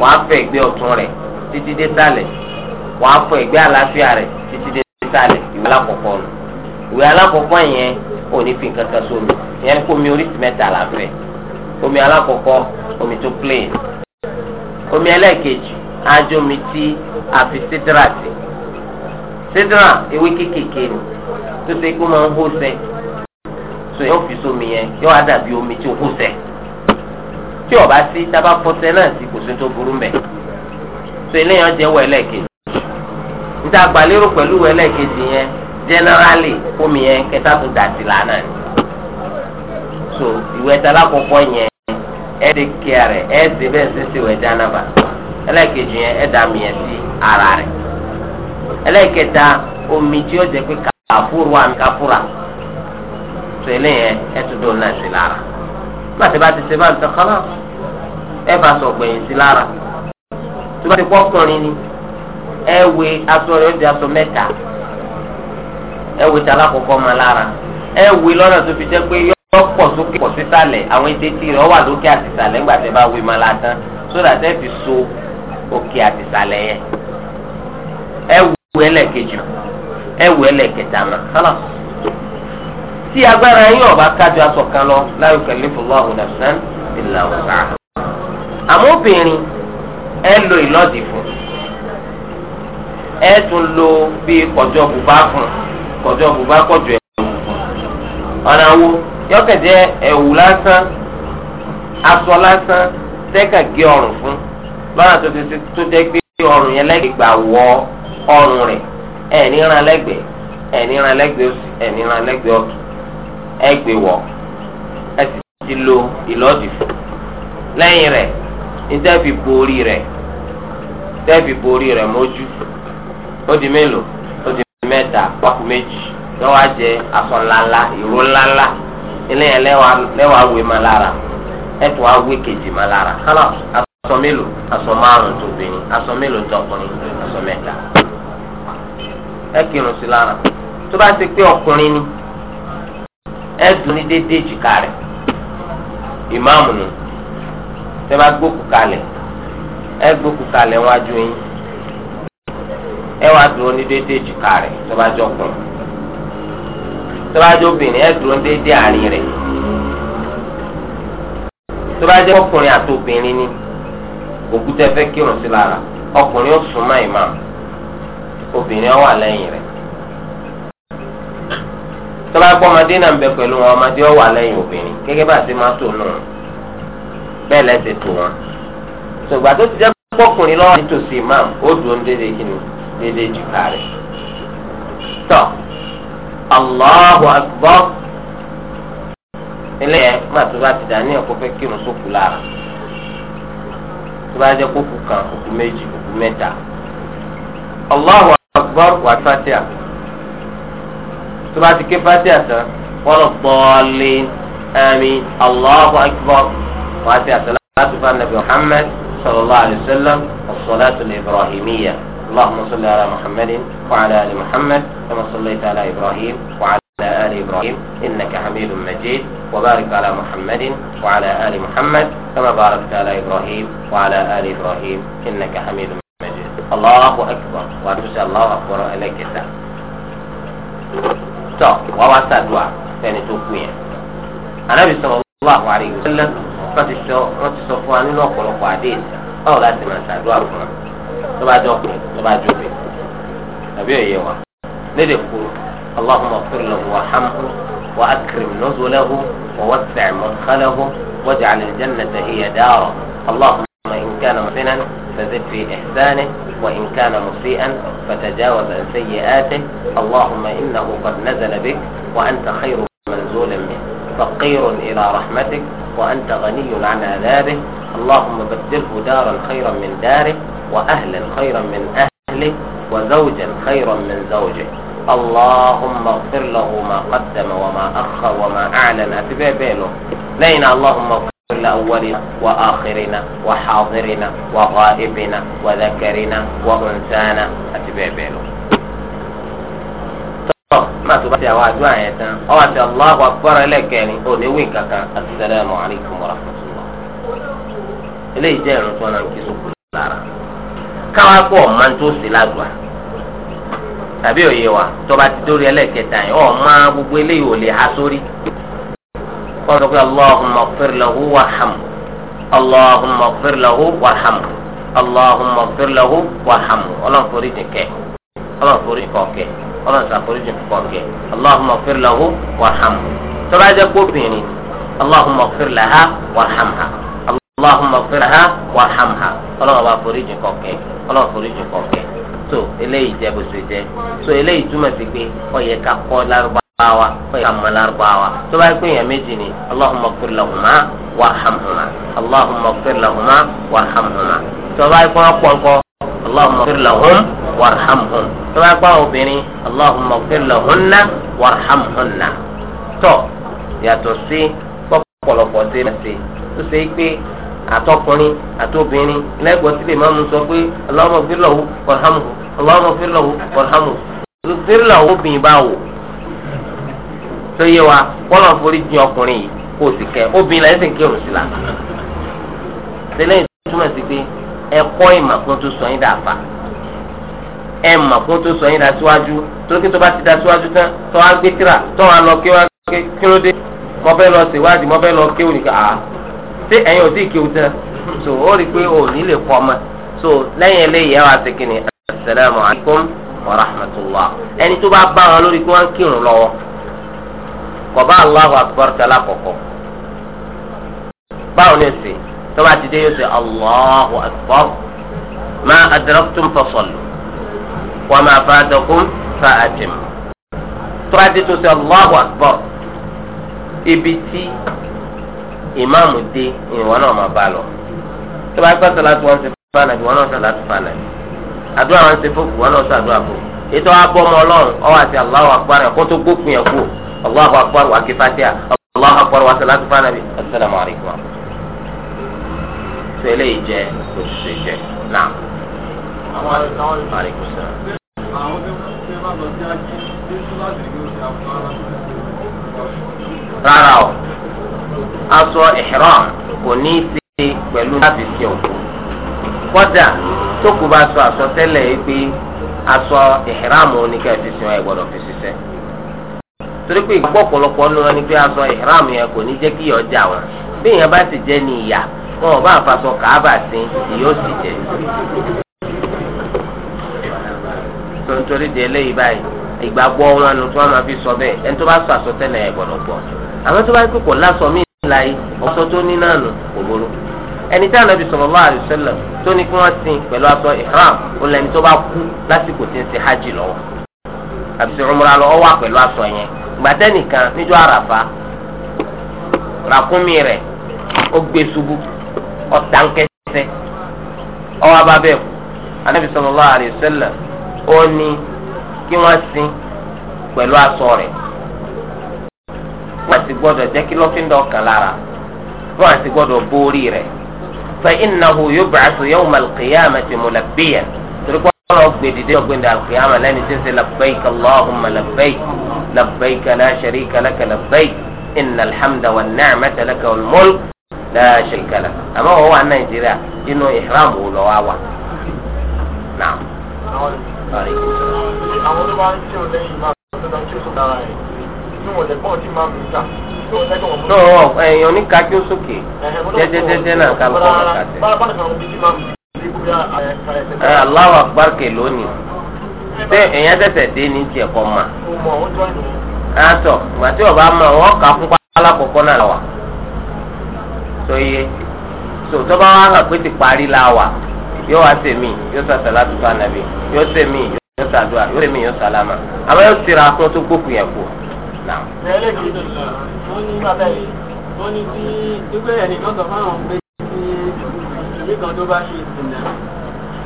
wàá fọ ẹ̀gbẹ́ ọ̀tún rẹ̀ títí dé sàlẹ̀ wàá fọ ẹ̀gbẹ́ àlàáfíà rẹ̀ títí dé sàlẹ̀ ìwé alákọ̀ọ́kọ́ nù ìwé alákọ̀ọ́kọ́ yẹn ò ní fi nǹkan kan sómi ìyẹn kó mi oríṣi mẹ́ta làbẹ́ omi alákọ̀ọ́kọ́ omi tó plain omi ẹlẹ́ẹ̀kejì ajomi tí a fi sídírà sí sidra ewé kékèké ni tó ṣe kó máa ń hó sẹ so yóò fi sómi yẹn yóò á dàbí omi tí ó hó sẹ tí ó bá sí tábà fọsẹ náà sí kò sí tó burú mẹ so eléyàn jẹ wẹlẹ kejì níta gbalérò pẹ̀lú wẹlẹ kejì yẹn generally omi yẹn kẹta tó dà sí lánàá ni so ìwé ẹta lákòókò yẹn ẹ ti kí ẹ rẹ ẹ ti bẹ́ẹ̀ ṣe ṣe wẹ̀ jánába ẹlẹ́kejì yẹn ẹ dà mí ẹ sí ara rẹ̀ ẹlẹ́ẹ̀kẹta omi tí ó jẹ́ pé káfúrú wà ní káfúrà tó ẹtù dùn náà sí lára láti bá ti ṣe bá ń tẹ ẹ bá sọ gbẹ̀yìn sí lára tó bá ti pọ́ ọkùnrin ni ẹ wé aṣọ rẹ̀ ó di aṣọ mẹ́ta ẹ wé tala kọ̀ọ̀kan mọ́ lára ẹ wé lọ́nà tó fi jẹ́ pé yọ pọ̀ sókè pọ̀ sísàlẹ̀ àwọn ètè tí rẹ̀ wà lókè àtìsàlẹ̀ ńgbà tẹ́ bá wé mọ́ látàn sódà tẹ́ fi so òkè àtìsàlẹ̀ yẹn wẹ lẹ́ẹ̀kejì ẹ wẹ lẹ́ẹ̀kẹta mọ́ kálá tí agbára yín ọba kájọ aṣọ kan lọ la yukallifullahu nafsan illa wus'aha àmọ́ obìnrin ẹ lo ìlọ́dì fún ẹ tún lo bí kọjọ bùbá fún kọjọ bùbá kọjọ ẹ̀wù fún ọ̀nà wo yọkẹ̀jẹ̀ ẹ̀wù lásán aṣọ lásán tẹ́kà gé ọrùn fún lọ́nà tó ti tó jẹ́ pé ọrùn yẹn lẹ́gbẹ̀ẹ́ gbà wọ́ ọ́. ọrùn rẹ̀ ẹ̀ níran lẹ́gbẹ̀ẹ́ ẹ̀ níran lẹ́gbẹ̀ẹ́ òsì ẹ̀ ti lo ìlọ́dì fún lẹ́yìn rẹ̀ ní borí rẹ̀ tẹ́ẹ̀fì borí mójú ó di mélòó ó di mẹ́ta pákó méjì lọ́wọ́ àjẹ́ aṣọ ńláńlá ìró ńláńlá ilé yẹn ma lára ẹ̀tọ́ awé kejì ma lára kálọ̀ aṣọ mélòó aṣọ márùn-ún tóbi aṣọ mélòó tọkùnrin aṣọ mẹ́ta. ẹ kírun sí lára tó bá ti pé ọkùnrin ni ẹ dùn ní déédéé jìkà rẹ̀ ìmáàmù nù tẹ bá gbókù kalẹ̀ ẹ gbókù kalẹ̀ wájú yín ẹ wá dúró ní déédéé jìkà rẹ̀ tó bá jọ kùn tó bá jọ obìnrin ẹ dúró ní déédéé àárín rẹ̀ tó bá jẹ́ ọkùnrin àti obìnrin ni òkú tẹ fẹ́ kírun sí lára ọkùnrin ó sún mọ́ ìmáàmù. obìnrin ọwà lẹ́yìn rẹ̀ tọ́ba ẹ̀kọ́ ọmọdé náà ń bẹ pẹ̀lú wọn ọmọdé ọwà lẹ́yìn obìnrin gẹ́gẹ́ bá ti máa tò nù bẹ́ẹ̀ lẹ́sẹ̀ tó wọn ṣùgbà tó ti jẹ́ pọ́kùnrin lọ́wọ́ nítòsí imam ó dùn déédéé déédéé Allahu Akbar má tó bá ti dà ní ẹ̀kọ́ fẹ́ kírun sókù lára tó bá jẹ́ kókù أكبر wà fatia tó bá ti ké fatia tán wọn lọ bọ́ọ̀lì àmín allahu akbar wà ti àtàlátù fún anabi muhammed sallallahu alayhi wa sallam as-salatu اللهم صل على محمد وعلى ال محمد كما صليت على ابراهيم وعلى وعلى آل إبراهيم إنك حميد مجيد وبارك على محمد وعلى آل محمد كما باركت على إبراهيم وعلى آل إبراهيم إنك حميد Allahu akbar wàá tún ṣe Allahu akbar ẹlẹ́kẹta tọ wàá wá sàdúà fẹ́ni tó kú yẹn Ànábì sallallahu alaihi wasallam wọ́n ti sọ wọ́n ti sọ fún wa nínú ọ̀pọ̀lọpọ̀ àdéhùn báwo láti máa sàdúà fún wa tó bá jọ pé tó bá jọ pé tàbí òye wa lédè kúrò Allahumma ighfir lahu warhamhu wa akrim nuzulahu wa wasi' madkhalahu waj'al al-jannata hiya dara Allahumma. وإن كان محسنا فزد في إحسانه وإن كان مسيئا فتجاوز عن سيئاته اللهم إنه قد نزل بك وأنت خير منزول منه فقير إلى رحمتك وأنت غني عن عذابه اللهم بدله دارا خيرا من داره وأهلا خيرا من أهله وزوجا خيرا من زوجه اللهم اغفر له ما قدم وما أخر وما أعلن أتبع بينه لين اللهم كل أولنا وآخرنا وحاضرنا وغائبنا وذكرنا وأنثانا أتبع بيلو ما تبقى وعدوا يا سلام أو الله أكبر لك يعني أولي السلام عليكم ورحمة الله إليه جاء نتوانا نكسو كل لارا káwá pọ̀ máa ń tó sí ládùá tàbí òye wa tọba ti dórí ẹlẹ́kẹta yẹn ọ̀ máa kọ́ńtò pé allahumma ighfir lahu warhamhu allahumma ighfir lahu warhamhu allahumma ighfir lahu warhamhu ọlọ́run forí jìn kẹ́ ọlọ́run forí kọ́ kẹ́ ọlọ́run sàforí jìn kọ́ kẹ́ allahumma ighfir lahu warhamhu tọ́lá jẹ́ kóbìnrin allahumma ighfir laha warhamha allahumma ighfir laha warhamha ọlọ́run bá forí jìn kọ́ kẹ́ ọlọ́run forí kọ́ kẹ́ so eléyìí jẹ́ bó báwa fún ìyá ọmọlárúbáwa tó bá pè yàn méjì ni allahumma ighfir lahuma warhamhuma allahumma ighfir lahuma warhamhuma tó bá pè wọn pọnkọ allahumma ighfir lahum warhamhum tó bá pè wọn obìnrin allahumma ighfir lahunna warhamhunna tó yàtọ̀ sí pọ̀pọ̀lọpọ̀ sí ẹ̀sìn tó ṣe pé àtọkùnrin àtobìnrin lẹ́gbọ̀n sílẹ̀ máa ń sọ pé allahumma ighfir lahu warhamhu tó yé wa kọ́lọ̀ forí jìn ọkùnrin yìí kó o sì kẹ́ obìnrin láyé sì ń kírun sí la. tẹ́lẹ̀ ìtumọ̀ sí pé ẹ̀kọ́ ìmọ̀ kún tó sọ yín dà fà ẹ mọ̀ kó tó sọ yín da síwájú torókè tó bá ti da síwájú tán tó wá gbé tíra tó wá lọ kí wá gbé kílódé mo fẹ́ lọ ṣèwádìí mo fẹ́ lọ kéwù nìkan àá ah, ṣé ẹ̀yin ò tí ì kéwù tán so ó rí i pé òní lè kọ́ ọmọ so lẹ́yìn eléyìí ẹ wá ṣe kí ni asalaamualeykum wa rahmatulah ẹni tó bá bá wọn lórí kí wọ́n kírun lọ́wọ́ kọba Allahu akbar tala kọkọ báwo ni sè tọ́ba ti dé yóò sè Allahu akbar ma adraktum fasallu wa ma fatakum fa atim tọ́ba ti tó sè Allahu akbar ibi tí ìmáàmù dé ìwọ náà máa bá lọ tọ́ba ti pàṣẹ láti wọ́n ti fa nàbí wọ́n náà sọ láti fa àdúrà wọn ti fòkù wọ́n náà sọ àdúrà fòkù ètò abọ́mọ ọlọ́run ọwọ́ àti Allahu akbar kó tó gbókùn yẹn kú. Allahu akbar wa ké fatiha Allahu akbar wa salatu fún anabi asalaamu alaykum wa rahmatulah. sẹ́lẹ̀ yìí jẹ́ kò sì jẹ́ náà. àwọn àlekún sẹ́lẹ̀. àwọn tó ṣe bá lọ sí ají ṣé sọ́láṣí ni yóò ṣe àfọwọ́lá. rárá o aṣọ ihram kò ní í ṣe pẹ̀lú láti ṣe òkú kọ́dà tó kù bá sọ àsọtẹ́lẹ̀ yìí pé aṣọ ihram oníkẹ́ fi sìn ọ́ ẹ̀ gbọ́dọ̀ fi ṣiṣẹ́ torí pé ìgbàgbọ́ ọ̀pọ̀lọpọ̀ ń lọ ni pé aṣọ ìhram yẹn kò ní jẹ́ kí ìyọ̀ jà wọn bí èèyàn bá sì jẹ́ ní ìyà wọn ò bá àfàṣọ kàábà sí ìyóò sì jẹ́. tontori di eléyìí báyìí ìgbàgbọ́ wọn nu tí wọ́n máa fi sọ bẹ́ẹ̀ ẹni tó bá sọ àsọtẹ́lẹ̀ ẹ̀ gbọ́dọ̀ gbọ́ àwọn tó bá kó kò lásọ mí láyé ọsọ tó ní náà kò burú ẹni tí Ànábì sallallahu alaihi wasallam tó ní kí wọ́n sin pẹ̀lú aṣọ ìhram ó lẹni tó bá kú lásìkò tí ń ṣe hajj lọ́wọ́ àbísí umra lọ ọwọ́ pẹ̀lú aṣọ yẹn gbàtẹ́ nìkan níjọ́ àràfà ràkúnmí rẹ̀ ó gbé ṣubú ọ̀tá ń kẹsẹ̀ ọwọ́ abábẹ́ kù anabi sallallahu alayhi wa sallam ó ní kí wọ́n sin pẹ̀lú aṣọ rẹ̀ wọ́n ti gbọ́dọ̀ jẹ́ kí lọ́fíńdà ọkàn lára wọ́n ti gbọ́dọ̀ bórí rẹ̀ fa innahu yub'athu yawma al-qiyamati mulabbiyan ọlọ́ gbèdéde ọ̀gbìndà alùpùpù lẹ́ni tí ń ṣe labbaik allahumma labbaik labbaik la sharika laka labbaik inna alhamda wa ni'mata laka wal mulk la sharika laka àmọ́ wọ́n wà nàìjíríà inú ihram wò lọ́ wá wà. naam. àwọn tó bá ń tí ò lẹ́yìn máa ń tọ́jú tí ó sọ dára ẹ̀ inú ọ̀dẹ̀gbọ́n ti máa ń mú ta tó ẹ̀yàn oníkàkí ó sókè jẹ́jẹ́jẹ́jẹ́ náà ká lọ́kọ́ ọ̀rọ̀ ẹ aláwọ àgbàkè lónìí ṣé èèyàn tẹ̀sẹ̀ dé ní tiẹ̀ kọ́ ma. àtọ̀ gbàtí ọba mọ̀ wọ́n kà fún alákọ̀ọ́kọ́ náà lọ́wọ́ tó yé so tọ́ba wa hàn pé ti parí la wà yóò wá sèmi yóò sọ sàlátù fún anabi yóò sèmi yóò sàdúrà yóò sèmi yóò sàlámà àmọ́ yóò tira fún tó gbókùn yẹn kù. ẹlẹ́gbẹ̀ẹ́ tó ní bàbá yìí tó ní tí ìgbéyàwó ẹnì kan sọ fáwọn pé mùsùlùmí kan tó bá ṣe ìsìnà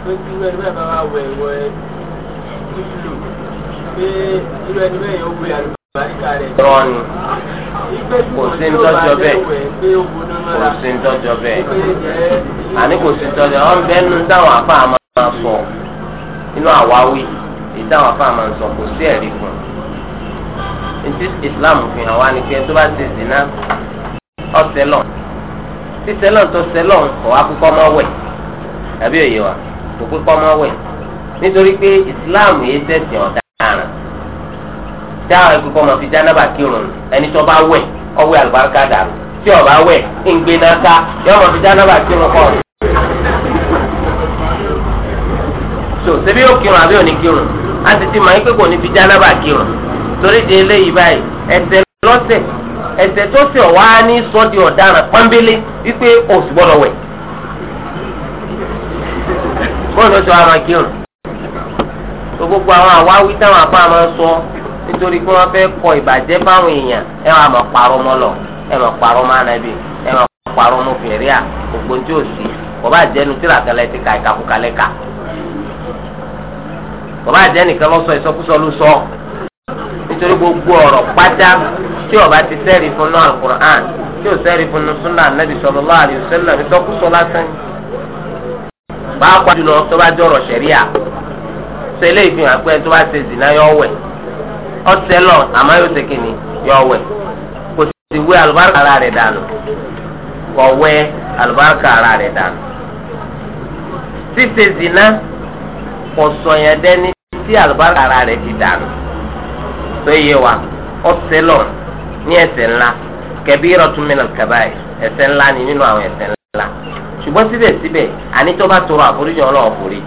pé kí irú ẹni bẹ́ẹ̀ bá wà wẹ̀ wẹ̀ nílò pé irú ẹni bẹ́ẹ̀ yóò wẹ̀ àlùbáríkà rẹ̀. rọ́ọ̀nù kò sí ntọ́jọ́ bẹ́ẹ̀ kò sí ntọ́jọ́ bẹ́ẹ̀ àní kò sí ntọ́jọ́ ọ̀ ń bẹ́ẹ̀ nu táwọn afá máa sọ inú àwáwí èyí táwọn afá máa sọ kò sí ẹ̀rí fún un ntí Islam fi hàn wá ni pé tó bá ti zina ọ̀sẹ̀ lọ sísẹlọ tó sẹlọ kọ akókò ọmọ wẹ tàbí òye wa kò kókò ọmọ wẹ nítorí pé islam yìí tẹsán ọ̀daràn dáhùn akókò ọmọ fi jánábà kírun ẹni tó bá wẹ ọwẹ àlùbáríkà dàrú tí ọba wẹ ńgbé náà ká yọ ọmọ fi jánábà kírun kọ. so ṣebí yóò kírun àbí òní kírun a ti ti mọ̀ ẹ́ pé kò ní fi jánábà kírun torí di eléyìí báyìí ẹsẹ̀ lọ́sẹ̀ ẹ̀ṣẹ̀ tó ṣẹ̀ wá ní sọ́dí ọ̀daràn pọ́nbélé wípé o sì gbọ́dọ̀ wẹ̀. bọ́ọ̀lù ló ṣe wá máa kírun. tó gbogbo àwọn àwáwí táwọn àbá máa ń sọ nítorí pé wọ́n fẹ́ kọ ìbàjẹ́ fáwọn èèyàn ẹ wàá máa parọ́ mọ́ lọ ẹ máa parọ́ mọ́ ànábì ẹ máa parọ́ mọ́ fèrè à gbogbo tí ò sí bọ́bá jẹ́nu tíra kalẹ̀ ti ka ìkàkùkalẹ̀ ka bọ́bá jẹ́ nìkan lọ́sọ ìsọkúsọ ló sọ nítorí gbogbo ọ̀rọ̀ pátá tí ó bá ti sẹ́ẹ̀rì fún náà alukur'an tí ò sẹ́ẹ̀rì fún sunna anabi sallallahu alaihi wasallam ìtọ́kùsọ lásán pàápàá jùlọ tó bá jọrọ sẹ̀ríà sẹ́lẹ̀ ìfihàn pé tó bá ṣe zina yọ wẹ̀ ọ̀sẹ̀ lọ àmọ́ yóò ṣe kìnnì yọ wẹ̀ kò sì wé alùbáríkà ara rẹ̀ dànù kò wẹ̀ alùbáríkà ara rẹ̀ dànù. ṣíṣe zina kò sọ̀yàn dẹ́ni tí alùbáríkà ara rẹ̀ ti dànù tó ní ẹ̀ṣẹ̀ ńlá kabiratun minal kabair ẹ̀ṣẹ̀ ńlá ni nínú àwọn ẹ̀ṣẹ̀ ńlá ṣùgbọ́n síbẹ̀síbẹ̀ àní tó bá tọrọ àforíjì ọlọ́run àforíjì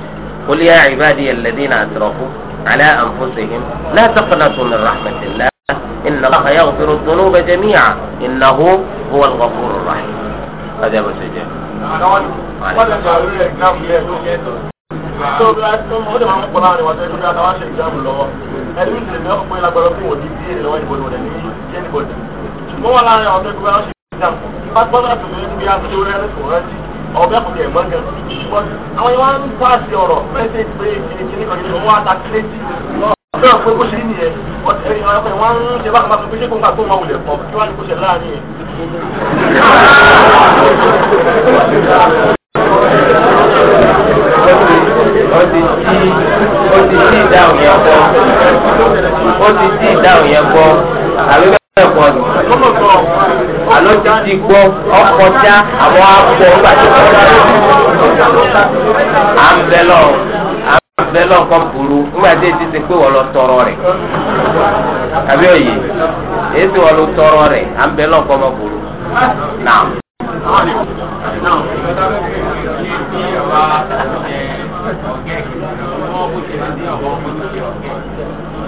qul ya ibadiya alladhina asrafu ala anfusihim la taqnatu min rahmatillah inna Allaha yaghfiru dhunuba jami'an innahu huwal ghafurur rahim. ọjọ́ bó ṣe jẹ́ tó bí wá tó ó lè máa ń pọ̀ láàrin wa tó ẹgbẹ́ bí wá táwa ṣe ìjáàmù lọ́wọ́ ẹni bí ìṣẹ̀lẹ̀ mẹ́wàá pé lágbára fún òní bí èdè lọ́wọ́ ìbòdò rẹ̀ ní jẹ́nìbọ̀dì ṣùgbọ́n wọn láàrin àwọn tó ẹgbẹ́ wá ṣe ìjáàmù bá gbọ́dọ̀ tó lè bí aṣọ rẹ̀ kò rántí ọ̀bẹ́ kò kẹ̀ mọ́ gan àwọn yẹn wá ń bá àṣẹ ọ̀rọ̀ pẹ́ẹ́sì pé kìnnìkìnnì kan yìí wọ́n ata kílẹ̀tì náà pé kó ṣe é nìyẹn ọ̀tẹ̀ ẹ̀yìn ọ̀rọ̀ pé wọ́n ń ṣe bákan bákan pé ṣé kó ń gbà tó wọn wulẹ̀ pọ̀ kí wọ́n á ní kó ṣe láàrin yẹn ó ti tí ó ti tí ìdáhùn yẹn gbọ́ ó ti tí ìdáhùn yẹn gbọ́ àbí bẹ́ẹ̀ kọ́ ni àló ti ti gbọ́ ọkọjá àwọn akọ nígbà tó kọ́ à ń bẹ lọ à ń bẹ lọ kọ́ burú nígbà tí èsì ti pé wọ́n lọ tọrọ rẹ̀ àbí òye èsì wọ́n lọ tọrọ rẹ̀ à ń bẹ lọ kọ́ mọ́ burú náà.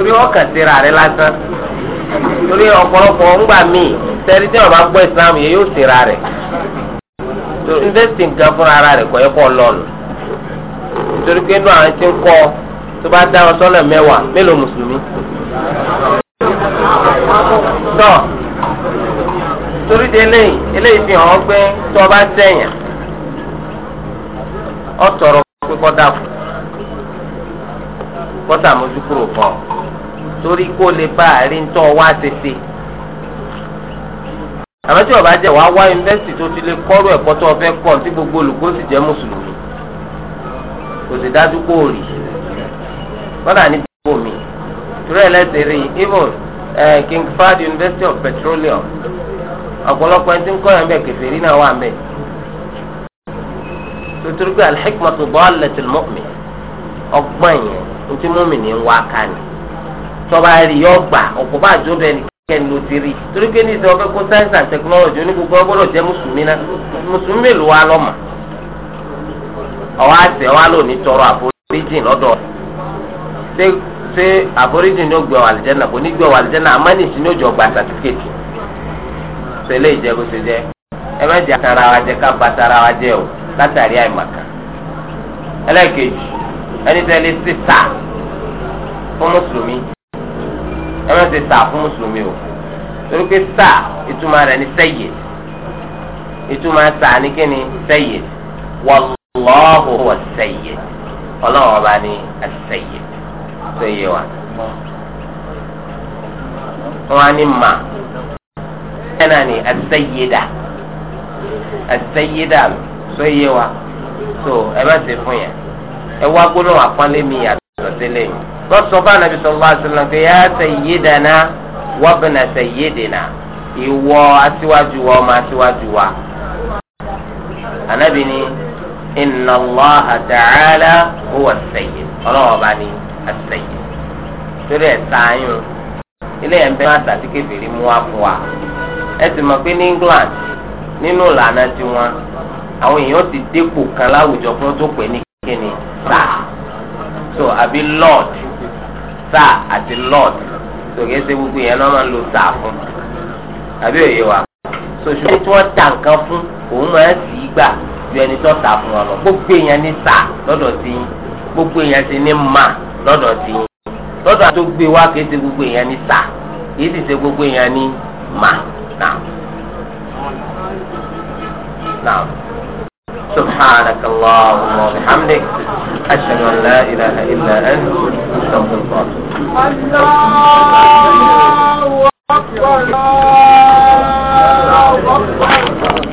torí wọn kàn sí ra rẹ lásán torí ọ̀pọ̀lọpọ̀ ńgbà míì sẹ́rí tí wọn bá gbọ́ islam yẹn yóò sí ra rẹ torí ndéṣì fúnra ara rẹ kọ́ yẹ kọ́ torí pé inú àwọn ti ń kọ́ tó bá dá wọn sọ́nà mẹ́wàá fi hàn pé tó ọ tọrọ pé kọ́ dà fún kọ́ torí kó lè bá àárín tó wá tètè àmọ́ tí ọba jẹ́ wàá wá yunifásitì tó ti lè kọ́rọ̀ ẹ̀kọ́ tó ọfẹ́ kọ́ tí gbogbo olùkọ́ sì jẹ́ mùsùlùmí kò sì dájú kó o rì kọ́dà ní gbogbo mi torí ẹlẹ́sìn rí even King University of Petroleum ọ̀pọ̀lọpọ̀ ẹni tí ń kọ́ yẹn bẹ́ẹ̀ kẹfẹ́ rí náà wà mẹ́ẹ̀ tuntun tọ́ba rí yọ gbà ọ̀pọ̀ bá jó bẹ́ẹ̀ ni kẹ́ni ló ti rí torí pé ní ìsìn ọ̀fẹ́ kó science and technology onígbogbo ọgbọ́dọ̀ jẹ́ mùsùlùmí náà mùsùlùmí mélòó wa lọ́mà ọwọ́ àti ọwọ́ àlọ́ ní tọrọ àforíjìn lọ́dọ̀ ṣé ṣé àforíjìn ní ó gbé ọ̀wà àlìjẹ́nà kò ní gbé ọ̀wà àlìjẹ́nà amánìsí ní ó jọ gba sàtífíkẹ́tì ṣe lè jẹ́ kó ṣe jẹ́ ẹ má jẹ́ àtàrà wa jẹ́ ká ba tara wa jẹ́ o látàrí àìmàkà ẹlẹ́ẹ̀kejì ẹni tẹ́lẹ̀ sísà fún mùsùlùmí ẹ má ṣe sà fún mùsùlùmí o torí pé sà ìtumọ̀ rẹ̀ ni sẹ́yẹ̀ ìtumọ̀ sà ni kí ni sẹ́yẹ̀ wallahu huwa sẹ́yẹ̀ ọlọ́run ọba ni àṣẹyẹ̀ sẹ́yẹ̀ wa. wọ́n á ní mà ẹ̀ ni àṣẹyẹ̀dà àṣẹyẹ̀dà sẹ́yẹ̀ wa so ẹ má ṣe fún yẹn ẹ wá gbóná àpọ́nlé mi yàtọ̀. lọ́sílẹ̀ lọ́sọ̀ bá nàbí sallallahu alaihi wasallam pé yá sayyidana wabna sayyidina ìwọ aṣíwájú wa ọmọ aṣíwájú wa. ni inna Allaha ta'ala huwa sayyid ọlọ́wọ́ bá ní as torí ẹ sáyún ilé ẹ̀ ń máa tàbí kébèrè mú wá fún wa. ẹ sì mọ̀ pé ní England nínú ìlànà tiwọn àwọn ti dépò so àbí lord sir àti lord so kìí ṣe gbogbo yẹn náà máa ń lo sir fún àbí òye wa so ṣùgbọ́n tí wọ́n ta nǹkan fún òun máa ń sì í gbà ju ẹni tó ta fún ọ lọ gbogbo èèyàn ní sir lọ́dọ̀ sí yín gbogbo èèyàn sì ní ma lọ́dọ̀ sí yín lọ́dọ̀ àti tó gbé wá kìí ṣe gbogbo èèyàn ní sir kìí sì ṣe gbogbo èèyàn ní ma náà. Now. سبحانك اللهم وبحمدك أشهد أن لا إله إلا أنت أستغفرك الله أكبر